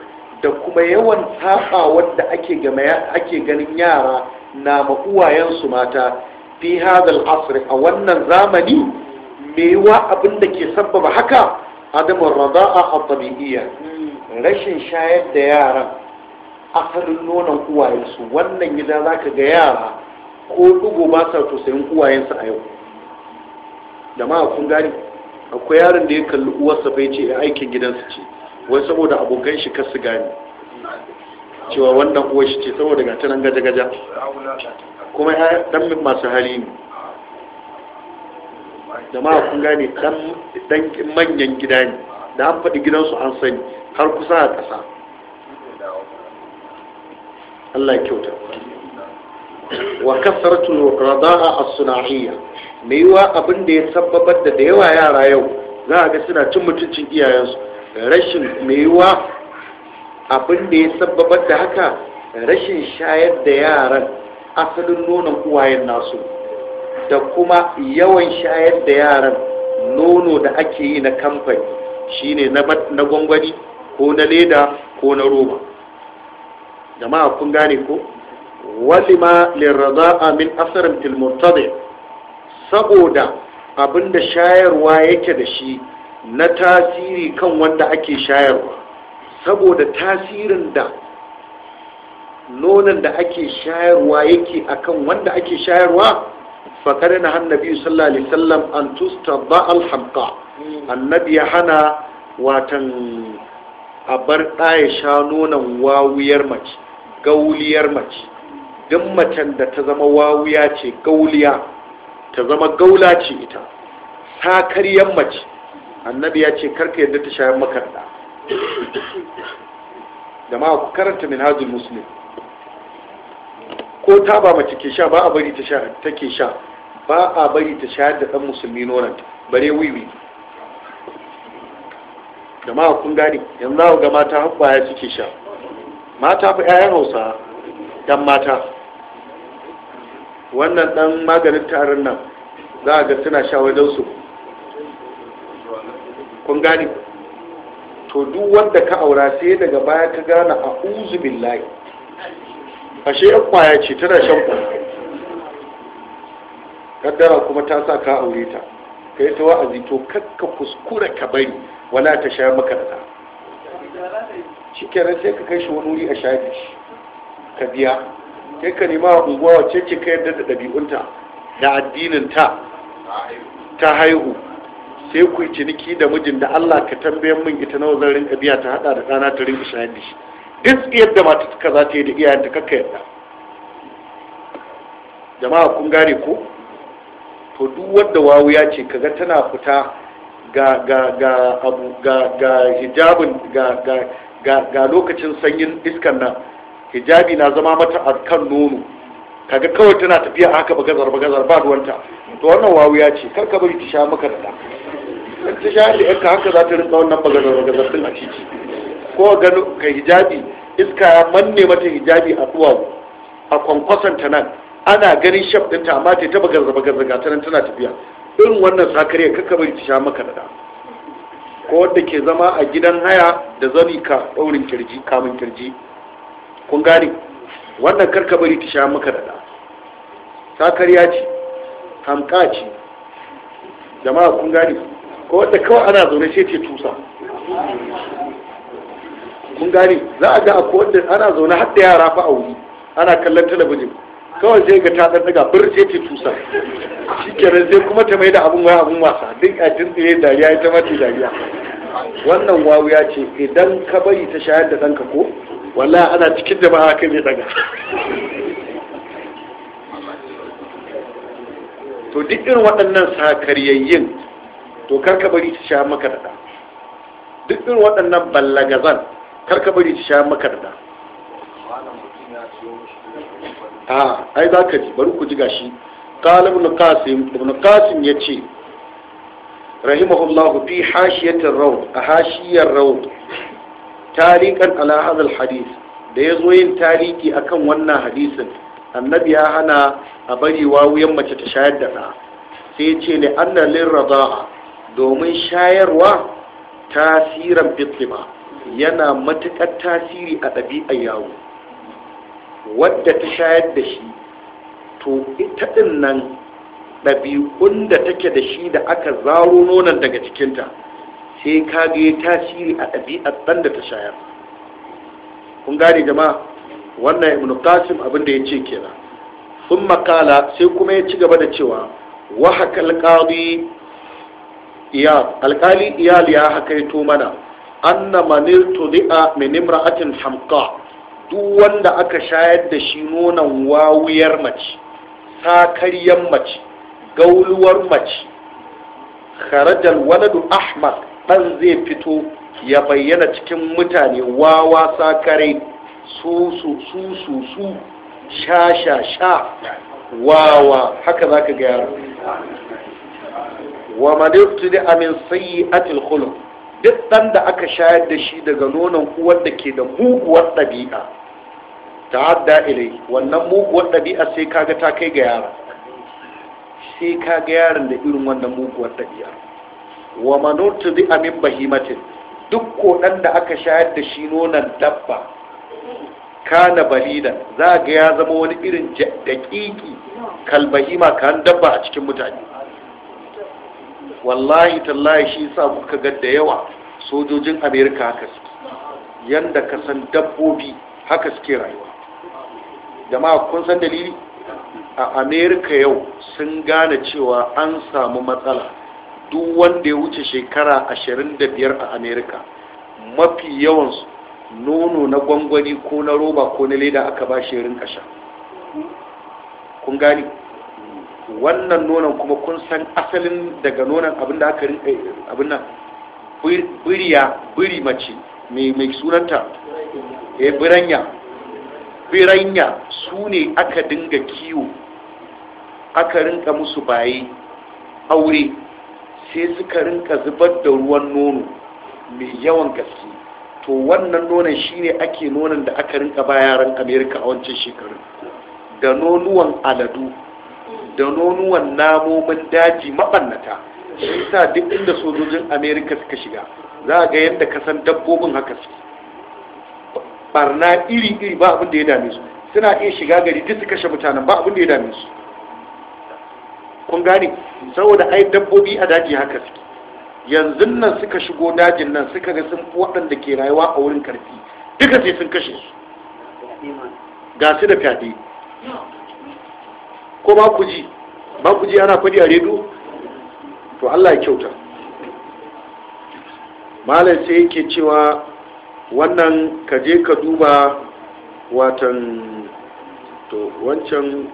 da kuma yawan saba wanda ake ganin yara na ma uwayensu mata fi hadal asr a wannan zamani wa abin da ke sabbaba haka adamun rada'a a tabi'iyya rashin shayar da yaran asalin nonon uwayensu wannan gida za ka ga yara ko dugo ba sa tosayin uwayensu a yau jama'a kun gani akwai yaron da ya kalli uwarsa bai ce ya aikin gidansu ce wai saboda abokan shi kar su gane cewa wannan uwa shi ce saboda ga tunan gaja-gaja kuma ya dan masu hali ne jama'a kun gane dan manyan gida ne da an faɗi gidansu an sani har kusa a ƙasa Allah kyauta wa kasaratul a as-sunahiyya me yiwa abin da ya sabbabar da da yawa yara yau za a ga suna cin mutuncin iyayensu rashin me yiwa abin da ya sabbabar da haka rashin shayar da yaran asalin nonon uwayen nasu da kuma yawan shayar da yaran nono da ake yi na kamfani shine na gwangwani ko na leda ko na roba jama'a kun gane ko walima a min asarin tilmurtadir saboda abinda shayarwa yake da shi na tasiri kan wanda ake shayarwa saboda tasirin da nonon da ake shayarwa yake akan wanda ake shayarwa fakare na hannabi sallallahu alaihi sallam an ba alhamka annabi ya hana watan a bar ɗaya sha nonon wawuyar mace gauliyar mace duk macen da ta zama wawuya ce gauliya ta zama gaula ce ita ta mace annabi ya ce karka yadda ta shayar makarɗa jama'a ku karanta minhajul muslim ko ta ba mace ke sha ba a bari ta sha take sha ba a bari ta shayar da ɗan musulmi nonanta bare wiwi jama'a kun gani yanzu za ga mata haɓaya suke sha mata fi 'ya'yan hausa ɗan mata wannan ɗan maganin tarin nan za a ga suna sha wajen su kun gani to duk wanda ka aura sai daga baya ka gane a uzu billahi ashe yan kwaya ce tana shan ku kaddara kuma ta sa ka aure ta kai ta wa'azi to kakka kuskura ka bari wala ta sha maka da shi sai ka kai shi wani wuri a shafi ka biya kai ka nema a unguwa wacce ce ka yarda da ɗabi'unta da addinin ta ta haihu sai ku ciniki da mijin da Allah ka tambayan min ita nawa zan rinka biya ta hada da ɗana ta rinka shayar da shi duk yadda mata suka za ta yi da iyayenta kakka yadda jama'a kun gane ko to duk wanda wawu ya ce kaga tana fita ga ga ga abu ga ga hijabin ga ga ga ga lokacin sanyin iskan nan hijabi na zama mata a kan nono kaga kawai tana tafiya haka bagazar bagazar ba ruwanta to wannan wawu ya ce karka bari ta sha maka da ta shafi yanka haka za ta rinka wannan maganar maganar sun a ciki ko gano ka hijabi iska ya manne mata hijabi a duwawu a kwankwason ta nan ana ganin shaf ɗinta amma ta ta bagarza bagarza ga ta nan tana tafiya irin wannan sakariya kaka bari ta sha maka da ko wanda ke zama a gidan haya da zani ka ɗaurin kirji kamun kirji kun gane wannan karka bari ta sha maka da sakariya ce hamka ce jama'a kun gane ko wadda kawai ana zaune sai ce tusa mun gani. za a ga ko wadda ana zaune hadda yara fa a wuri ana kallon talabijin kawai sai ga ta ɗanɗaga bir sai ce tusa shi kenan sai kuma ta mai da abin waya abin wasa duk a tsaye dariya ita ta ce dariya wannan wawuya ce idan ka bari ta shayar da ɗanka ko wallahi ana cikin jama'a kai zai daga to duk irin waɗannan sakaryayyin to kar ka bari ta sha maka da duk irin waɗannan ballagazan kar ka bari ta sha maka da ta ai za ka ji bari ku ji gashi قال ابن قاسم ابن قاسم يتشي رحمه fi في حاشية الروض حاشية الروض تاريكا على هذا da ya zo yin tariki akan wannan hadisin annabi ya hana a bari wawuyan mace ta shayar da ɗa sai ce ne anna lin rada'a domin shayarwa tasirin fitima yana matuƙar tasiri a ɗabi'ar yawo wadda ta shayar da shi to ita ɗin nan ɗabi'un da take da shi da aka zaro nonon daga cikinta sai ka ga tasiri a ɗabi'ar ɗan da ta shayar kun gane jama'a wannan ibn qasim abin da ya ce kenan sun makala sai kuma ya ci gaba da cewa wa hakal iyal alkali iyal ya hakaito mana anna manil tudi'a min imra'atin hamqa duk wanda aka shayar da shi nonon wawuyar mace sakaryan mace gauluwar mace kharajal waladu ahmad dan zai fito ya bayyana cikin mutane wawa sakare su su su su sha sha sha wawa haka za ka ga yaro wa madiftu da amin sayi atil khulun duk ɗan da aka shayar da shi daga nonon uwar da ke da muguwar ɗabi'a ta hada ilai wannan muguwar ɗabi'a sai kaga ta kai ga yaron sai kaga yaron da irin wannan muguwar ɗabi'a wa manutu bi amin bahimatin duk ko ɗan da aka shayar da shi nonon dabba kana balida za ga ya zama wani irin daƙiƙi kalbahima kan dabba a cikin mutane wallahi tallahi shi sa kuka ga da yawa sojojin amerika haka suke yanda ka san dabbobi haka suke rayuwa jama'a kun san dalili a amerika yau sun gane cewa an samu matsala duk wanda ya wuce shekara 25 a amerika mafi yawansu nono na gwangwani ko na roba ko na leda aka ba shi rinka sha kun gani wannan nonon kuma kun san asalin daga nonon abin da aka rinka abin nan biriya biri mace mai sunanta eh biranya biranya su ne aka dinga kiwo aka rinka musu baye aure sai suka rinka zubar da ruwan nono mai yawan gaske to wannan nonon shine ake nonon da aka rinka ba yaran amerika a wancan shekarun da nonuwan aladu da nonuwan namomin daji maɓannata shi sa duk inda sojojin amerika suka shiga za ga yadda kasan dabbobin haka su barna iri-iri ba abin da ya dame su suna iya shiga gari duk su kashe mutanen ba abin da ya dame su kun gane saboda ai dabbobi a daji haka suke yanzu nan suka shigo dajin nan suka ga sun waɗanda ke rayuwa a wurin karfi duka sai sun kashe su ga su da fyaɗe ko ba ku ji ba ku ji ana faɗi a rediyo to Allah ya kyauta malam sai yake cewa wannan ka je ka duba watan to wancan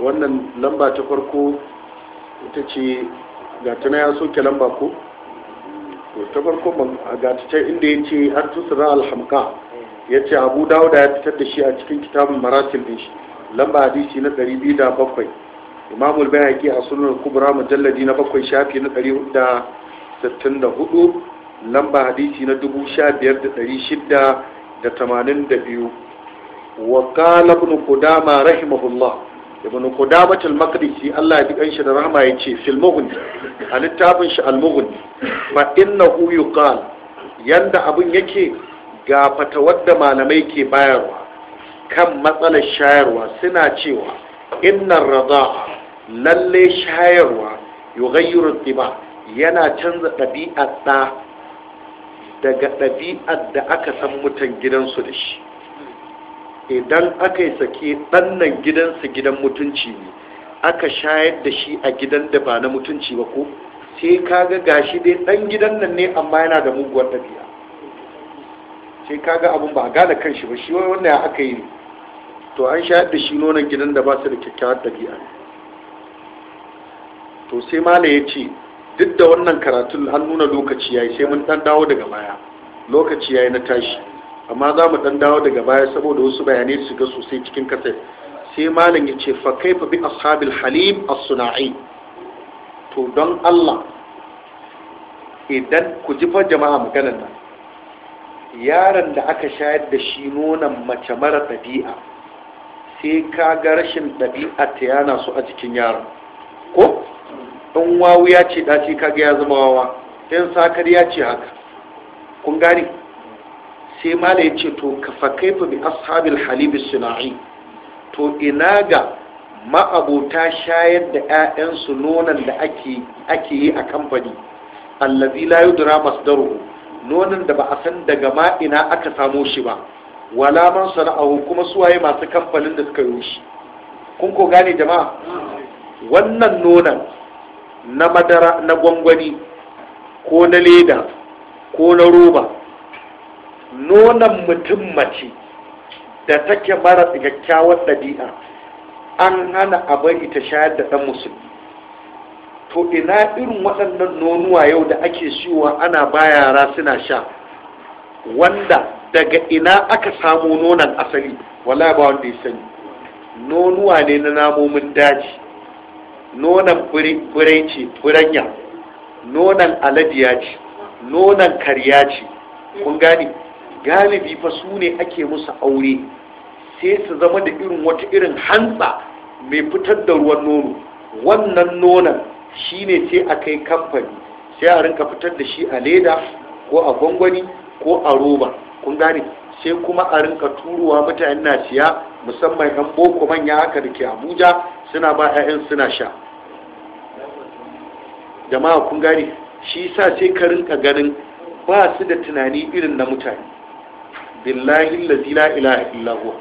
wannan lamba ta farko ita ce ga na ya soke lamba ko to ta farko ga ta ce inda ya ce an tusura alhamka ya ce abu dawuda ya fitar da shi a cikin kitabun maratil din shi lamba hadisi na 207 imamul bayhaqi a sunan kubra mujalladi na bakwai shafi na 464 lamba hadisi na 15682 wa qala ibn qudama rahimahullah ibn qudamah al-maqdisi Allah ya bi kanshi da rahama yace fil mughni a littafin shi al-mughni fa innahu yuqal yanda abun yake ga fatawar da malamai ke bayarwa kan matsalar shayarwa suna cewa innar rada'a lalle shayarwa yughayyiru tiba yana canza ɗabi'ar ɗa daga ɗabi'ar da aka san mutan gidansu da shi idan aka yi sake ɗannan gidansa gidan mutunci ne aka shayar da shi a gidan da ba na mutunci ba ko sai kaga gashi dai ɗan gidan nan ne amma yana da muguwar ɗabi'a sai kaga abun ba a gane kanshi ba shi wannan ya aka yi to an shayar da shi nonon gidan da ba su da kyakkyawar ɗabi'a to sai Malam ya ce duk da wannan karatun an nuna lokaci ya yi sai mun ɗan dawo daga baya lokaci ya yi na tashi amma za mu dan dawo daga baya saboda wasu bayanai su shiga sosai cikin kasar sai malam ya ce fa kaifa bi ashabil halim as-suna'i to don Allah idan ku ji fa jama'a maganar nan yaron da aka shayar da shi nonon mace mara ɗabi'a sai ka ga rashin ɗabi'a ta yana su a jikin yaron ko in wawu ya ce ɗaci kaga ya zama wawa in sakar ya ce haka kun gane sai mala ya ce to kafa kaifa bi ashabil halibi suna'i to ina ga ma'abota shayar da 'ya'yansu nonon da ake yi a kamfani allazi la yudra masdaru nonon da ba a san daga ma ina aka samo shi ba wala man sana'ahu kuma suwaye masu kamfanin da suka yi shi kun ko gane jama'a wannan nonon na madara na gwangwani ko na leda ko na roba nonon mutum mace da take mara kyakkyawar ɗabi'a an hana a bari ta shayar da ɗan musulmi to ina irin waɗannan nonuwa yau da ake siyowa ana ba yara suna sha wanda daga ina aka samu nonon asali wala ba wanda ya sani nonuwa ne na namomin daji nonon birai ce biranya nonon aladiya ce nonon karya ce kun gani galibi fa su ne ake musu aure sai su zama da irin wata irin hantsa mai fitar da ruwan nono wannan nonon shine sai a kai kamfani sai a rinka fitar da shi a leda ko a gwangwani ko a roba kun gane sai kuma a rinka turuwa mutane na siya musamman yan boko manya haka da ke abuja suna ba 'ya'yan suna sha jama'a kun gane shi sa sai ka rinka ganin ba su da tunani irin na mutane billahi allazi la ilaha illa huwa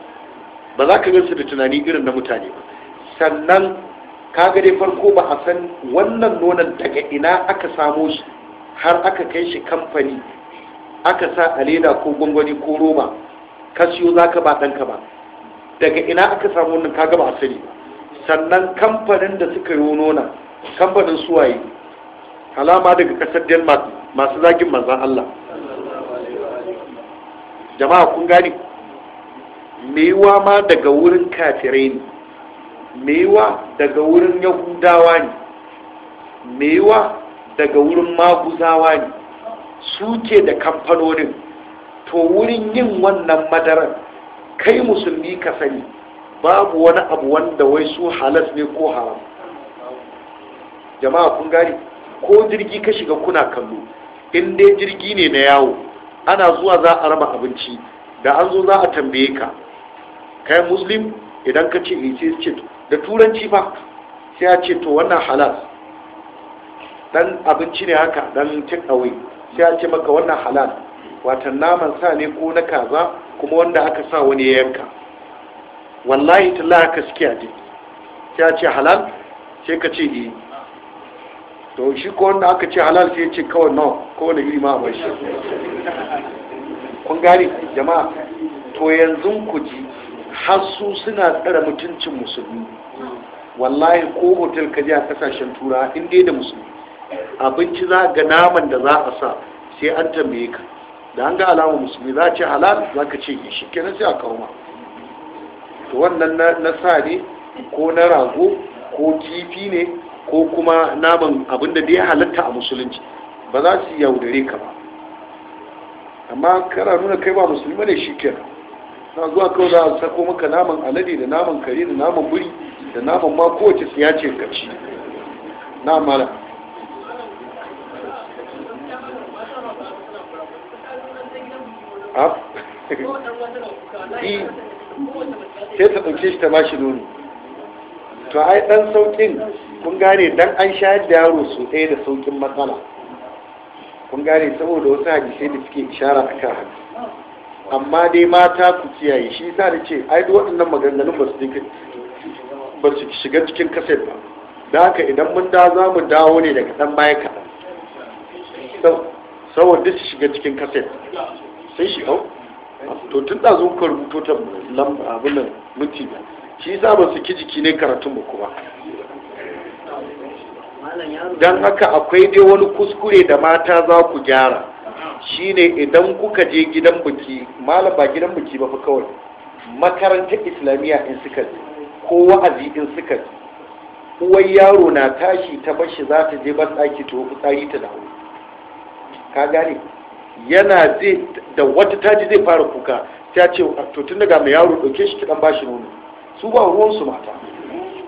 ba za ka gansu da tunani irin na mutane ba sannan kaga dai farko ba a san wannan nonon daga ina aka samo shi har aka kai shi kamfani aka sa a leda ko gwangwani ko roba ka za ka ba ɗanka ba daga ina aka samu wannan kaga ba a sani ba sannan kamfanin da suka yi nona kamfanin suwaye alama daga ƙasar denmark masu zagin manzan allah jama'a kun gani yiwa ma daga wurin kafirai ne yiwa daga wurin yahudawa ne yiwa daga wurin maguzawa ne suke da kamfanonin to wurin yin wannan madarar kai musulmi ka sani babu wani abu wanda wai su halas ne ko haram jama'a kun gani ko jirgi ka shiga kuna kallo in dai jirgi ne na yawo ana zuwa za a raba abinci da an zo za a tambaye ka kai muslim idan ka ce eh, sai ce da turanci fa sai a ce to wannan halal dan abinci ne haka dan take away sai a ce maka wannan halal watan naman sa ne ko na kaza kuma wanda aka sa wani ya yanka wallahi tallahi haka suke a sai a ce halal sai ka ce eh to shi ko wanda aka ce halal sai ce kawai no kowane iri ma a shi kun jama'a to yanzu ku ji har su suna tsara mutuncin musulmi wallahi ko hotel ka je a kasashen tura in dai da musulmi abinci za ga naman da za a sa sai an tambaye ka da an ga alamar musulmi za a ce halal za ka ce shi kenan sai a kawo ma to wannan na sa ne ko na rago ko kifi ne ko kuma naman abinda da ya halatta a musulunci ba za su yaudare ka ba amma kana nuna kai ba musulmi ne shi kenan na zuwa kawai za a sako maka naman alade da naman kare da naman buri da naman ma kowace tsiya ce kaci na mara. Ah? Eh, sai ta ɗauke shi ta ba shi nuni. to ai ɗan sauƙin kun gane dan an shayar da yaro su ɗaya da saukin matsala kun gane saboda wasu hadisai da suke ishara a kan haka amma dai mata ku kiyaye shi sa da ce ai duk waɗannan maganganun ba su shiga cikin kaset ba da haka idan mun da za mu dawo ne daga ɗan baya kaɗan saboda su shiga cikin kaset sai shi hau to tun da zuwa rubuto ta abin nan mutum ba shi sa ba su ki jiki ne karatun ba kuma don haka akwai dai wani kuskure da mata za ku gyara shine idan kuka je gidan buki malam ba gidan buki ba fa kawai makarantar islamiyya in suka je ko wa'azi in suka je uwar yaro na tashi ta bashi za ta je ban ɗaki to tsari ta dawo ka gane yana zai da wata taji zai fara kuka ta ce to tun daga mai yaro ɗauke shi ta ɗan bashi nono su ba ruwansu mata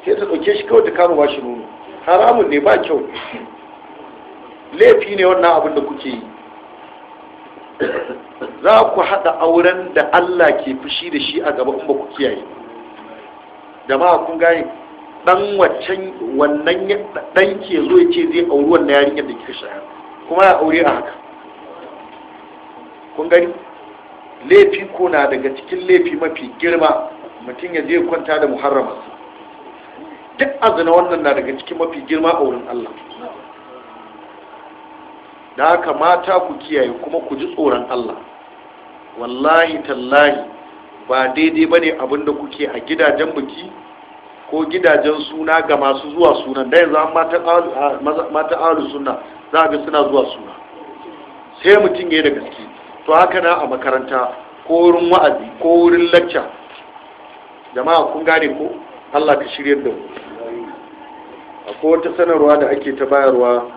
sai ta ɗauke shi kawai ta kama bashi nono haramun ne ba kyau laifi ne wannan abin da kuke yi za ku haɗa auren da Allah ke fushi da shi a gaba in ba ku kiyaye jama'a kun gane ɗan waccan wannan ɗan ke zo ya ce zai auri wannan yarinyar da kika shaya kuma ya aure a haka kun gani laifi ko na daga cikin laifi mafi girma mutum ya je kwanta da muharramarsa duk azina wannan na daga cikin mafi girma a wurin Allah da haka mata ku kiyaye kuma ku ji tsoron Allah wallahi tallahi ba daidai ba ne abinda kuke a gidajen biki ko gidajen suna ga masu zuwa sunan da yanzu mata alu suna za bi suna zuwa suna sai mutum ya yi da gaske to haka na a makaranta ko wurin wa'azi ko wurin lacca jama'a kun gane ko Allah ka shirya da mu akwai wata sanarwa da ake ta bayarwa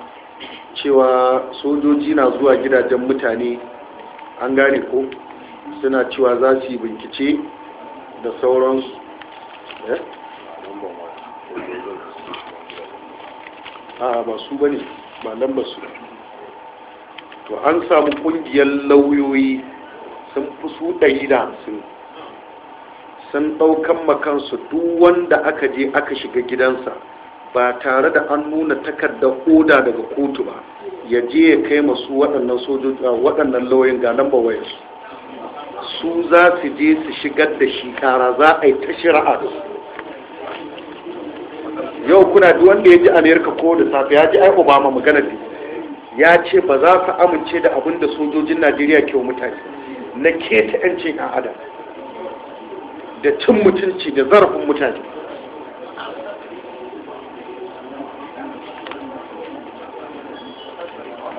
cewa sojoji na zuwa gidajen mutane an gane ko suna cewa za su yi bincike da sauransu eh? a ba su ba ne ba ba su to an samu kungiyar lauyoyi sun fi su ɗari da hamsin sun ɗaukan makansu duk wanda aka je aka shiga gidansa ba tare da an nuna takarda koda daga kotu ba ya je ya kai masu waɗannan sojoji waɗannan lauyin ga lamba wayar su za su je su shigar da shi kara za a yi ta shira'a da su yau kuna duk wanda ya ji amerika ko da safe ya ji ai obama magana ne ya ce ba za su amince da abin da sojojin najeriya ke wa mutane na keta 'yancin a'ada da cin mutunci da zarafin mutane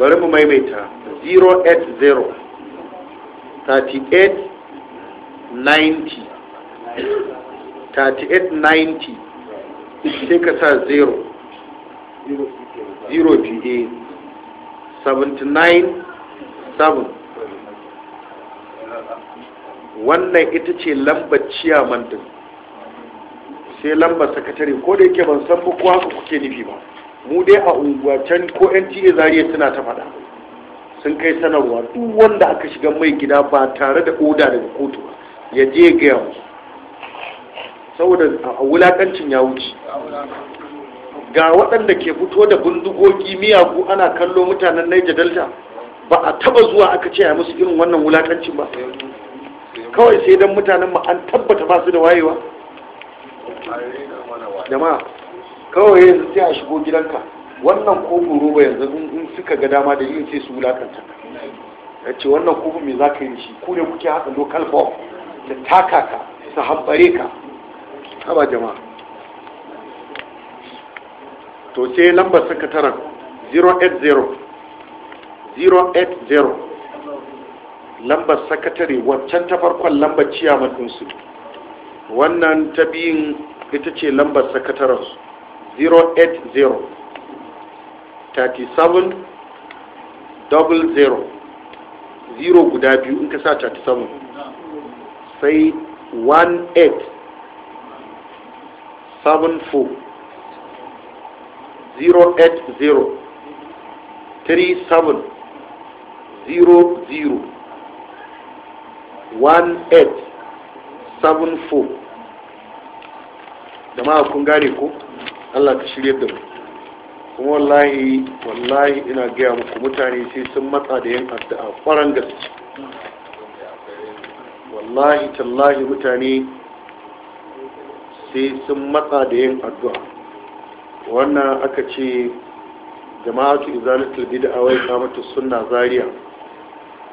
bari mu maimaita 080 38 90 3890 sai ka sa 0 0 7 wannan ita ce lambar ciyaman din sai lambar sakatare ko da yake ban san ba kuwa kuke nufi ba mu dai a unguwa can ko nta zariya suna ta faɗa sun kai sanarwa duk wanda aka shiga mai gida ba tare da oda daga kotu ba ya je gaya musu saboda a wulakancin ya wuce ga waɗanda ke fito da bindigogi miyagu ana kallo mutanen naija delta ba a taba zuwa aka ce a musu irin wannan wulakancin ba kawai sai don mutanen ma an tabbata ba su da wayewa jama'a kawai yanzu sai a shigo gidanka wannan kofin roba yanzu in suka ga dama da yin sai su wulakanta ya ce wannan kofin me za ka yi shi ku ne kuke haka local bomb da taka ka su hambare ka haba jama'a to sai lambar sakataren 080 080 lambar sakatare wancan ta farkon lambar ciyaman ɗinsu wannan ta biyun ita ce lambar sakatarensu 080 37 double zero zero guda biyu in ka sa 37 sai 18 080 37 00 18 da ma kun gane ko Allah ka shirya da mu kuma wallahi wallahi ina gaya muku mutane sai sun matsa da yin addu'a faran gaske wallahi tallahi mutane sai sun matsa da yin addu'a wannan aka ce jama'atu izalatul bid'a wai kamata sunna zaria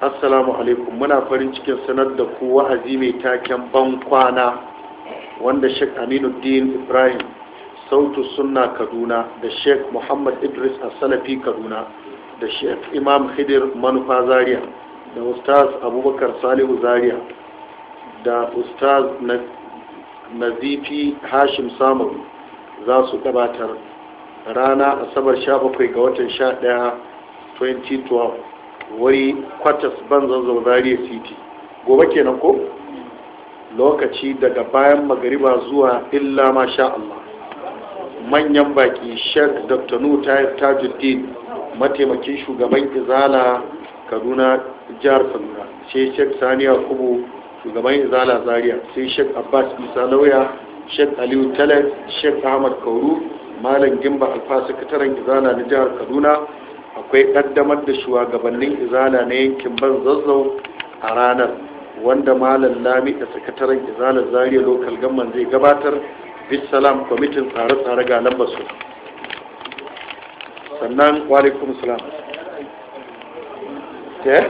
assalamu alaikum muna farin cikin sanar da ku wa'azi mai taken ban kwana wanda shek Aminuddin Ibrahim sautu sunna kaduna da sheikh muhammad idris as-salafi kaduna da sheikh imam khidir manufa zaria da ustaz abubakar salihu zaria da ustaz nazifi hashim samun za su gabatar rana asabar 17 ga watan 11 2012 wuri kwatas banzan zaria city gobe kenan ko lokaci daga bayan magariba zuwa illa masha Allah manyan baki sheikh dr nu tajuddin mataimakin shugaban izala kaduna jihar kaduna sai sheikh saniya kubu shugaban izala zaria sai sheikh abbas isa lauya sheikh aliyu talat sheikh ahmad kauru malam gimba alfa sakataren izala na jihar kaduna akwai kaddamar da shugabannin izala na yankin ban zazzau a ranar wanda malam lami da sakataren izala zaria lokal gamman zai gabatar salam kwamitin tsare-tsare ga lambar su sannan kuma salam yes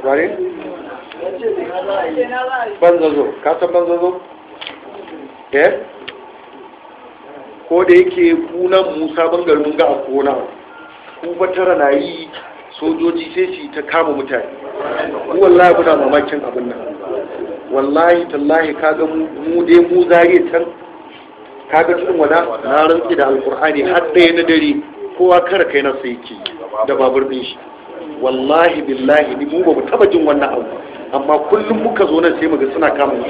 kwari banzazo kasan banzazo yes ko da yake kunan musa bangarin ga a kona ku batara na yi sojoji sai shi ta kama mutane wallahi labuna mamakin abin nan wallahi tallahi kaga mu dai mu zage can kaga tudun wada na rantsi da alkur'ani har ɗaya na dare kowa kar kai na sai ki da babur din shi wallahi billahi ni mu ba mu taba jin wannan abu amma kullum muka zo nan sai muga suna kama mu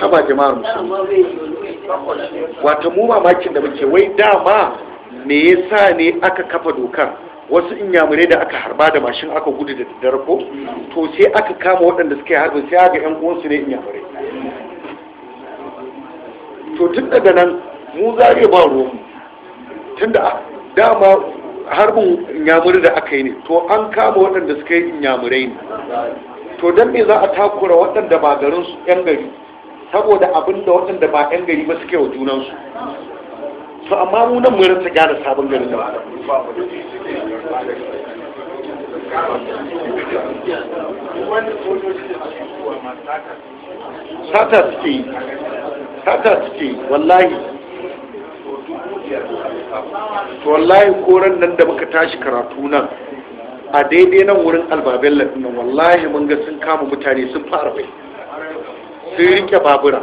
kaba jama'ar mu wata mu mamakin da muke wai dama me yasa ne aka kafa dokar wasu inyamurai da aka harba da mashin aka gudu da daddare ko to sai aka kama waɗanda suka yi harbin sai aka yan uwansu ne inyamurai to tun daga nan mu a ba ruwanmu tun da dama harbin inyamurai da aka yi ne to an kama waɗanda suka yi inyamurai ne to don me za a takura waɗanda ba garin su yan gari saboda abin da waɗanda ba yan gari ba suke wa junansu to amma mu nan mu rasa gyara sabon garin nan sata suke sata suke wallahi to wallahi koran nan da muka tashi karatu nan a daidai nan wurin albabin nan wallahi mun ga sun kama mutane sun fara bai sun rike babura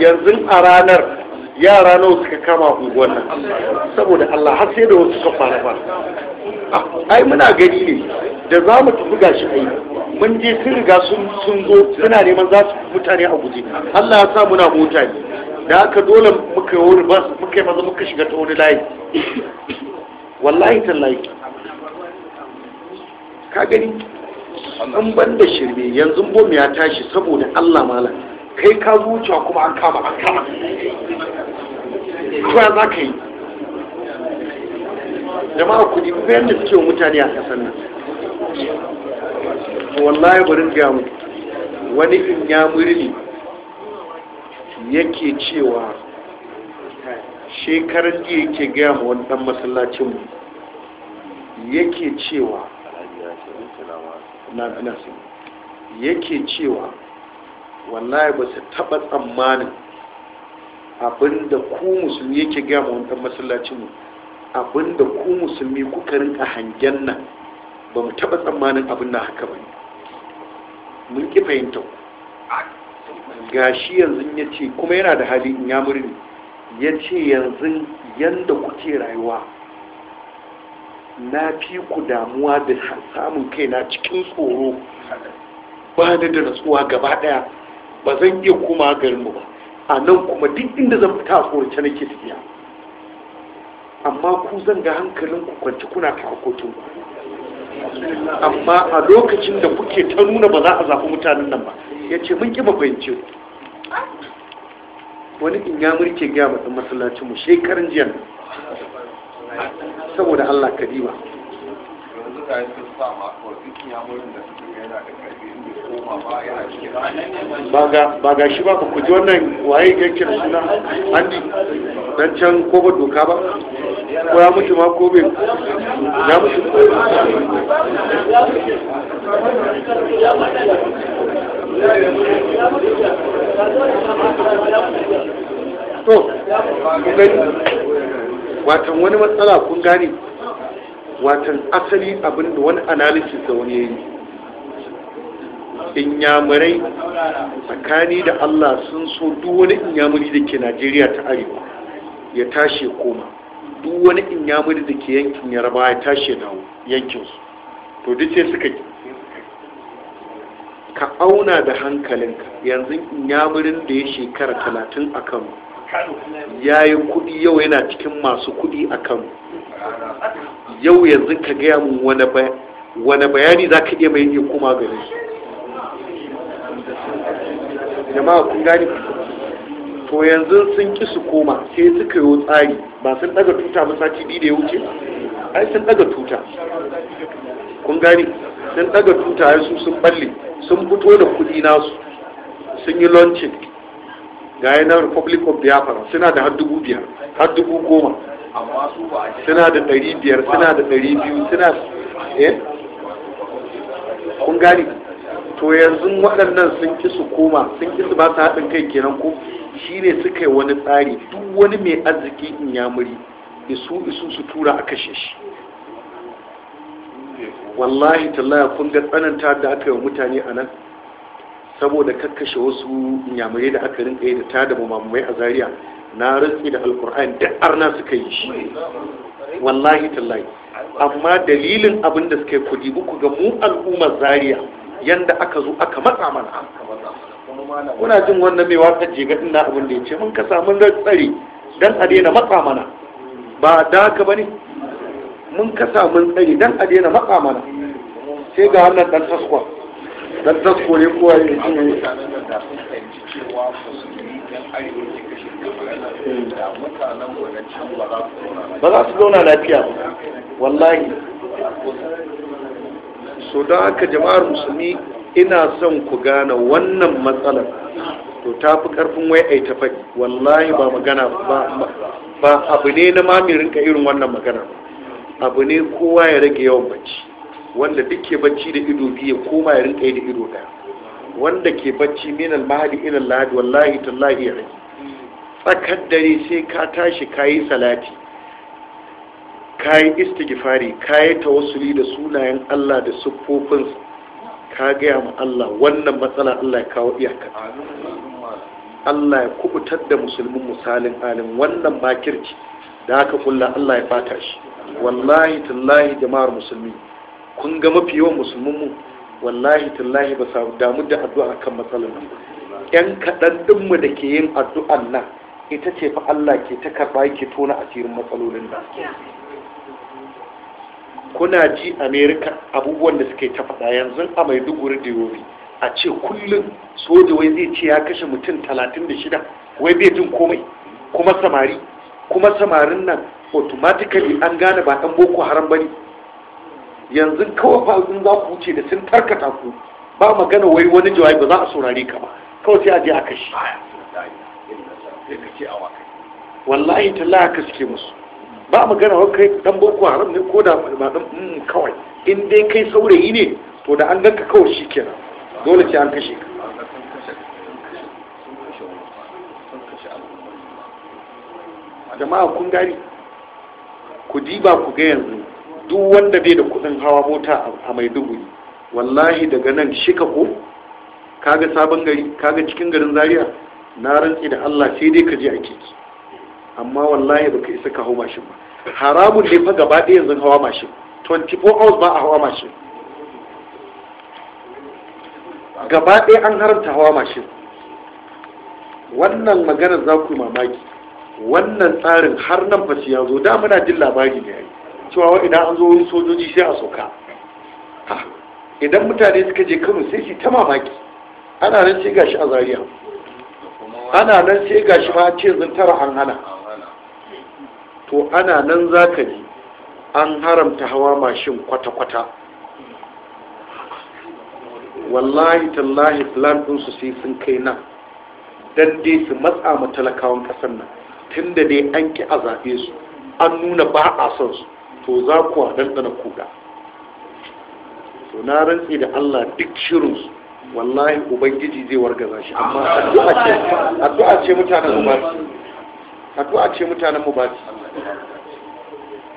yanzu a ranar yara nawa suka kama unguwar nan saboda Allah har sai da wasu suka fara ba ah, ai muna gani ne da za mu tafi gashi ai mun je sun riga sun zo suna neman za su mutane a guje Allah ya sa muna mota ne da aka dole muka yi wani bas muka yi maza muka shiga ta wani layi wallahi tallahi ka gani an ban da shirme yanzu bom ya tashi saboda Allah malam kai ka zuciya kuma an kama an kama kuma za ka yi jama'a kudi bayan da suke mutane a kasar nan wallahi barin ga mu wani in ya murni yake cewa shekarar da yake gaya ma wani dan masallacinmu yake cewa na yake cewa wallahi ba su taɓa tsammanin abin da ku musulmi yake gama wantan masallacin mu da ku musulmi kuka rinka hangen nan ba mu taɓa tsammanin abin na haka ba mun ƙi fahimta ku gashi yanzu ya ce kuma yana da hali in ya murni ya ce yanzu yanda kuke rayuwa na fi ku damuwa da samun kaina cikin tsoro ba da da natsuwa gaba ɗaya ba zan iya koma garinmu ba a nan kuma duk inda zan fita a tsorace nake tafiya amma ku zan ga hankalin ku kwanci kuna ta hakokin amma a lokacin da kuke ta nuna ba za a zafi mutanen nan ba ya ce mun ƙi ba ku. wani in ya mulke gaya ba ɗan masallacin mu shekarun jiya saboda Allah kadima ba ga shi ba ku ji wannan waye yake suna andi dan can ko ba doka ba ko ya mutu ma ko bai ya mutu to gani watan wani matsala kun gane watan asali abin da wani analysis da wani yayi inyamurai tsakani da allah sun so duk wani yamuri da ke najeriya ta arewa ya tashi koma duk wani yamuri da ke yankin yarba ya tashi dawo yankinsu to duk sai suka ka auna da hankalinka yanzu inyamurin da ya shekara talatin a kano ya yi kudi yau yana cikin masu kudi a kano yau yanzu ka gaya mun wani bayani za ka iya mai yi kuma gare su jama'a kun gani to yanzu sun ki su koma sai suka yi tsari ba sun daga tuta ba sati biyu da ya wuce ai sun daga tuta kun gani sun daga tuta ai su sun balle sun fito da kudi nasu sun yi launching ga yi na republic of biafra suna da har dubu biyar har dubu goma suna da ɗari biyar suna da ɗari biyu suna eh kun gani to yanzu waɗannan sun ki su koma sun ki su ba su haɗin kai kenan ko shi ne suka yi wani tsari duk wani mai arziki in ya muri isu isu su tura a kashe shi wallahi tallaya kun ga tsananta da aka yi mutane a nan saboda kakkashe wasu inyamurai da aka rinka yi da ta da mamamai a zaria na rantsi da alkur'an da arna suka yi shi wallahi tallahi amma dalilin abinda da suka yi kudi ku ga mu al'ummar zaria yanda aka zo aka matsa mana kuna jin wannan mai waka jega ina abin da ya ce mun ka samu tsari dan a daina matsa mana ba da haka ba ne mun ka samun tsari dan a daina matsa mana sai ga wannan dan taskwa dan tasko ne kowa ya ji ne ba za su zauna lafiya wallahi so don haka jama'ar musulmi ina son ku gane wannan matsalar to ta fi karfin wai ai ta faɗi wallahi ba magana ba abu ne na mamirin ka irin wannan magana abu ne kowa ya rage yawan bacci wanda duk ke bacci da ido biyu koma ya rinka yi da ido ɗaya wanda ke bacci min almahadi ila lahadi wallahi tallahi ya rage tsakar dare sai ka tashi ka yi salati kayi istighfari kayi tawassuli da sunayen Allah da siffofin ka gaya ma Allah wannan matsala Allah ya kawo iyaka Allah ya kubutar da musulmin misalin alim wannan bakirci da aka kulla Allah ya fata shi wallahi tallahi jama'ar musulmi kun ga mafi yawan musulmin mu wallahi tallahi ba sa damu da addu'a kan matsalar nan yan kaɗan ɗinmu da ke yin addu'an nan ita ce fa Allah ke ta karba yake tona asirin matsalolin da. kuna ji amerika abubuwan da suke ta faɗa yanzu a maiduguri da yobi a ce kullum soja wai zai ce ya kashe mutum talatin da shida wai bai jin komai kuma samari kuma samarin nan automatically an gane ba ɗan boko haram bane yanzu kawai ba in za ku wuce da sun tarkata ku ba magana wai wani jawabi ba za a saurare ka ba kawai sai a je a kashe wallahi tallahi haka suke musu ba magana wa kai dan boko haram ne ko da ba dan mm, kawai in dai kai saurayi ne to da an ganka kawai shikenan dole ce an kashe ka jama'a kun gani ku diba ku ga yanzu duk wanda bai da kudin hawa mota a maiduguri wallahi daga nan shika ko kaga sabon gari kaga cikin garin zaria na rantsi da allah sai dai ka je a keke amma wallahi baka isa ka hau mashin ba haramun ne fa gaba ɗaya yanzu hawa mashin 24 hours ba a hawa mashin gaba ɗaya an haramta hawa mashin wannan maganar za ku mamaki wannan tsarin har nan fasi ya zo da muna jin labari da yayi cewa idan an zo wurin sojoji sai a soka idan mutane suka je kano sai su ta mamaki ana nan sai gashi a Zariya. ana nan sai gashi ma ce zantara an hana to ana nan za ka ji an haramta hawa mashin kwata-kwata wallahi tallahi plan ɗinsu sai sun kai nan don su matsa ma talakawan ƙasar nan tun da dai an ki a zaɓe su an nuna ba a son su to za ku ɗanɗana kuɗa to na rantse da Allah duk shirinsu wallahi ubangiji zai wargaza shi amma addu'a ce mutanen su addu'a ce mutanen mu ba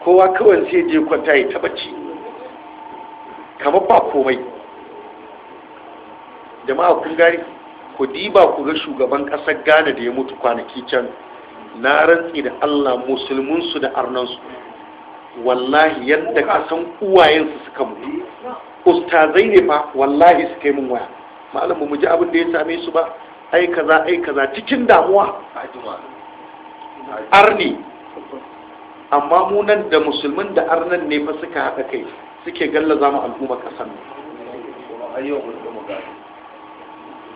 kowa kawai sai je kwanta ya taba ci, kamar ba komai jama'a kun gari ku diba ku ga shugaban kasar Ghana da ya mutu kwanaki can na rantsi da Allah musulmunsu da arnansu wallahi yadda kasan uwayensu suka mutu ustazai ne fa wallahi su kai mun waya malam mu ji abin da ya same su ba ai kaza ai kaza cikin damuwa arni amma mu nan da musulmin da arnan ne fa suka haɗa kai suke gallaza mu al'umma kasan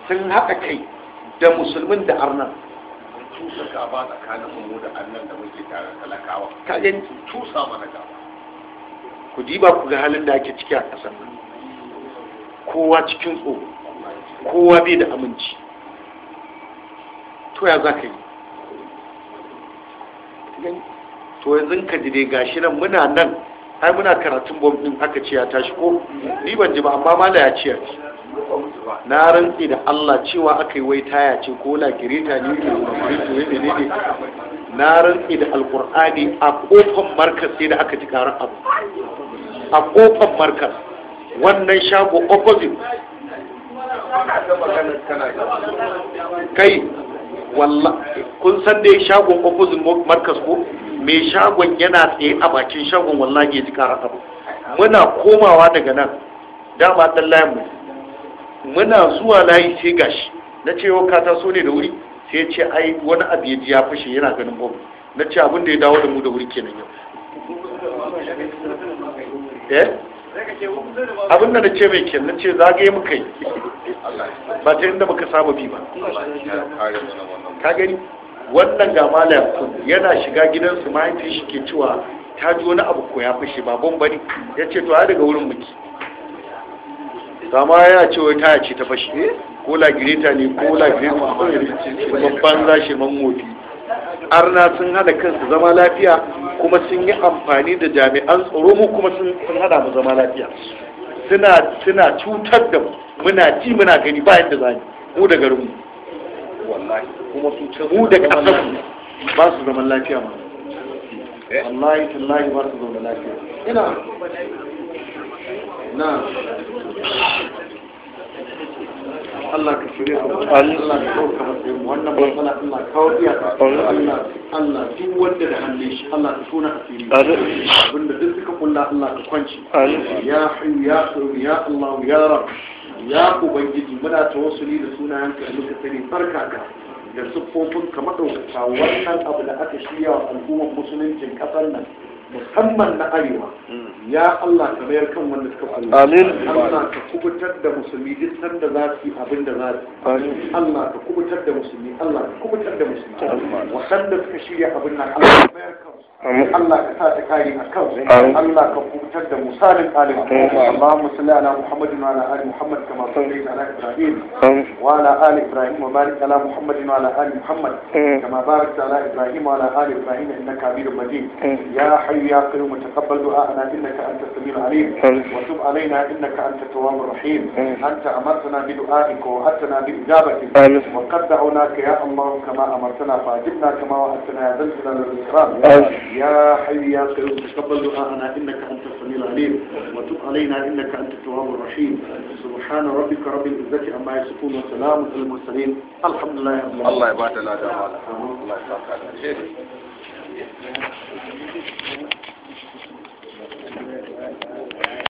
sun haɗa kai da musulmin da arnan tusa gaba tsakanin mu da annan da muke tare talakawa kayan tusa mana gaba ku diba ku ga halin da ake ciki a ƙasar nan kowa cikin tsoro kowa bai da aminci to ya za ka yi to yanzu ka ji dai gashi nan muna nan ai muna karatun bom din aka ce ya tashi ko ni ban ji ba amma mala ya ce na rantsi da Allah cewa aka yi wai taya ce ko la gireta ne ke ne ne ne na rantsi da alqur'ani a kofar markas sai da aka ji karar abu a kofar markas wannan shago opposite kai walla kun san dai shagon opposite markas ko mai shagon yana tsaye a bakin shagon wallahi ya ji kara abu muna komawa daga nan dama dan layin mu muna zuwa layi sai gashi na ce yau kata so ne da wuri sai ce ai wani abu ya ji ya fashe yana ganin bom na ce abin da ya dawo da mu da wuri kenan yau eh abin da na ce mai kyan na zagaye muka yi ba ta inda muka saba bi ba ka gani wannan ga malam yana shiga gidansu mahaifin shi ke cewa ta ji wani abu ko ya fashe ba ban bari ya ce to ya daga wurin muke sama ya ce wai taya ce ta fashe ko lagireta ne ko ko lagireta babban zashi man mobi arna sun hada kansu zama lafiya kuma sun yi amfani da jami'an tsaro mu kuma sun hada mu zama lafiya suna cutar da mu muna ji muna gani bayan da zani mu da garin kuma su mu da ƙasarmu ba su zaman lafiya ma eh? wallahi tallahi ba su zaman lafiya ina na Allah ka shirya mu Allah ka dauka matsayin wannan matsala Allah kawo Allah Allah duk wanda da hannun shi Allah ka tona asiri abinda duk suka kulla Allah ka kwanci ya hayyu ya qayyum ya Allah ya rab ya ubangiji muna tawassuli da sunayenka da muka sani da siffofin ka madaukaka wannan abu da aka shirya wa al'ummar musuluncin kasar nan musamman na arewa mm. ya Allah ka mayar kan wanda suka faru amin Allah ka kubutar da musulmi duk sanda za su yi abin da za su yi Allah ka kubutar da musulmi Allah ka kubutar da musulmi wanda suka shirya abin nan Allah ka mayar kan Allah ka sa ta kare a kan. Allah ka kubutar da misalin alim Allahumma salli ala Muhammad wa ala ali Muhammad kama sallaita ala Ibrahim wa ala ali Ibrahim wa barik ala Muhammad wa ala ali Muhammad kama barakta ala Ibrahim wa ala ali Ibrahim innaka Hamidum Majid ya hayyu ya qayyum taqabbal du'ana innaka anta as-sami'ul 'alim wa tub alaina innaka anta at-tawwabur rahim anta amartana bi du'aika wa atana bi ijabatik wa qad da'unaka ya Allah kama amartana fa ajibna kama wa'adtana ya dhal jalali wal ikram يا حي يا قيوم تقبل دعاءنا إنك أنت السميع العليم وتب علينا إنك أنت التواب الرحيم سبحان ربك رب العزة عما يصفون وسلام على المرسلين الحمد لله رب العالمين الله يبارك لنا الله يبارك لنا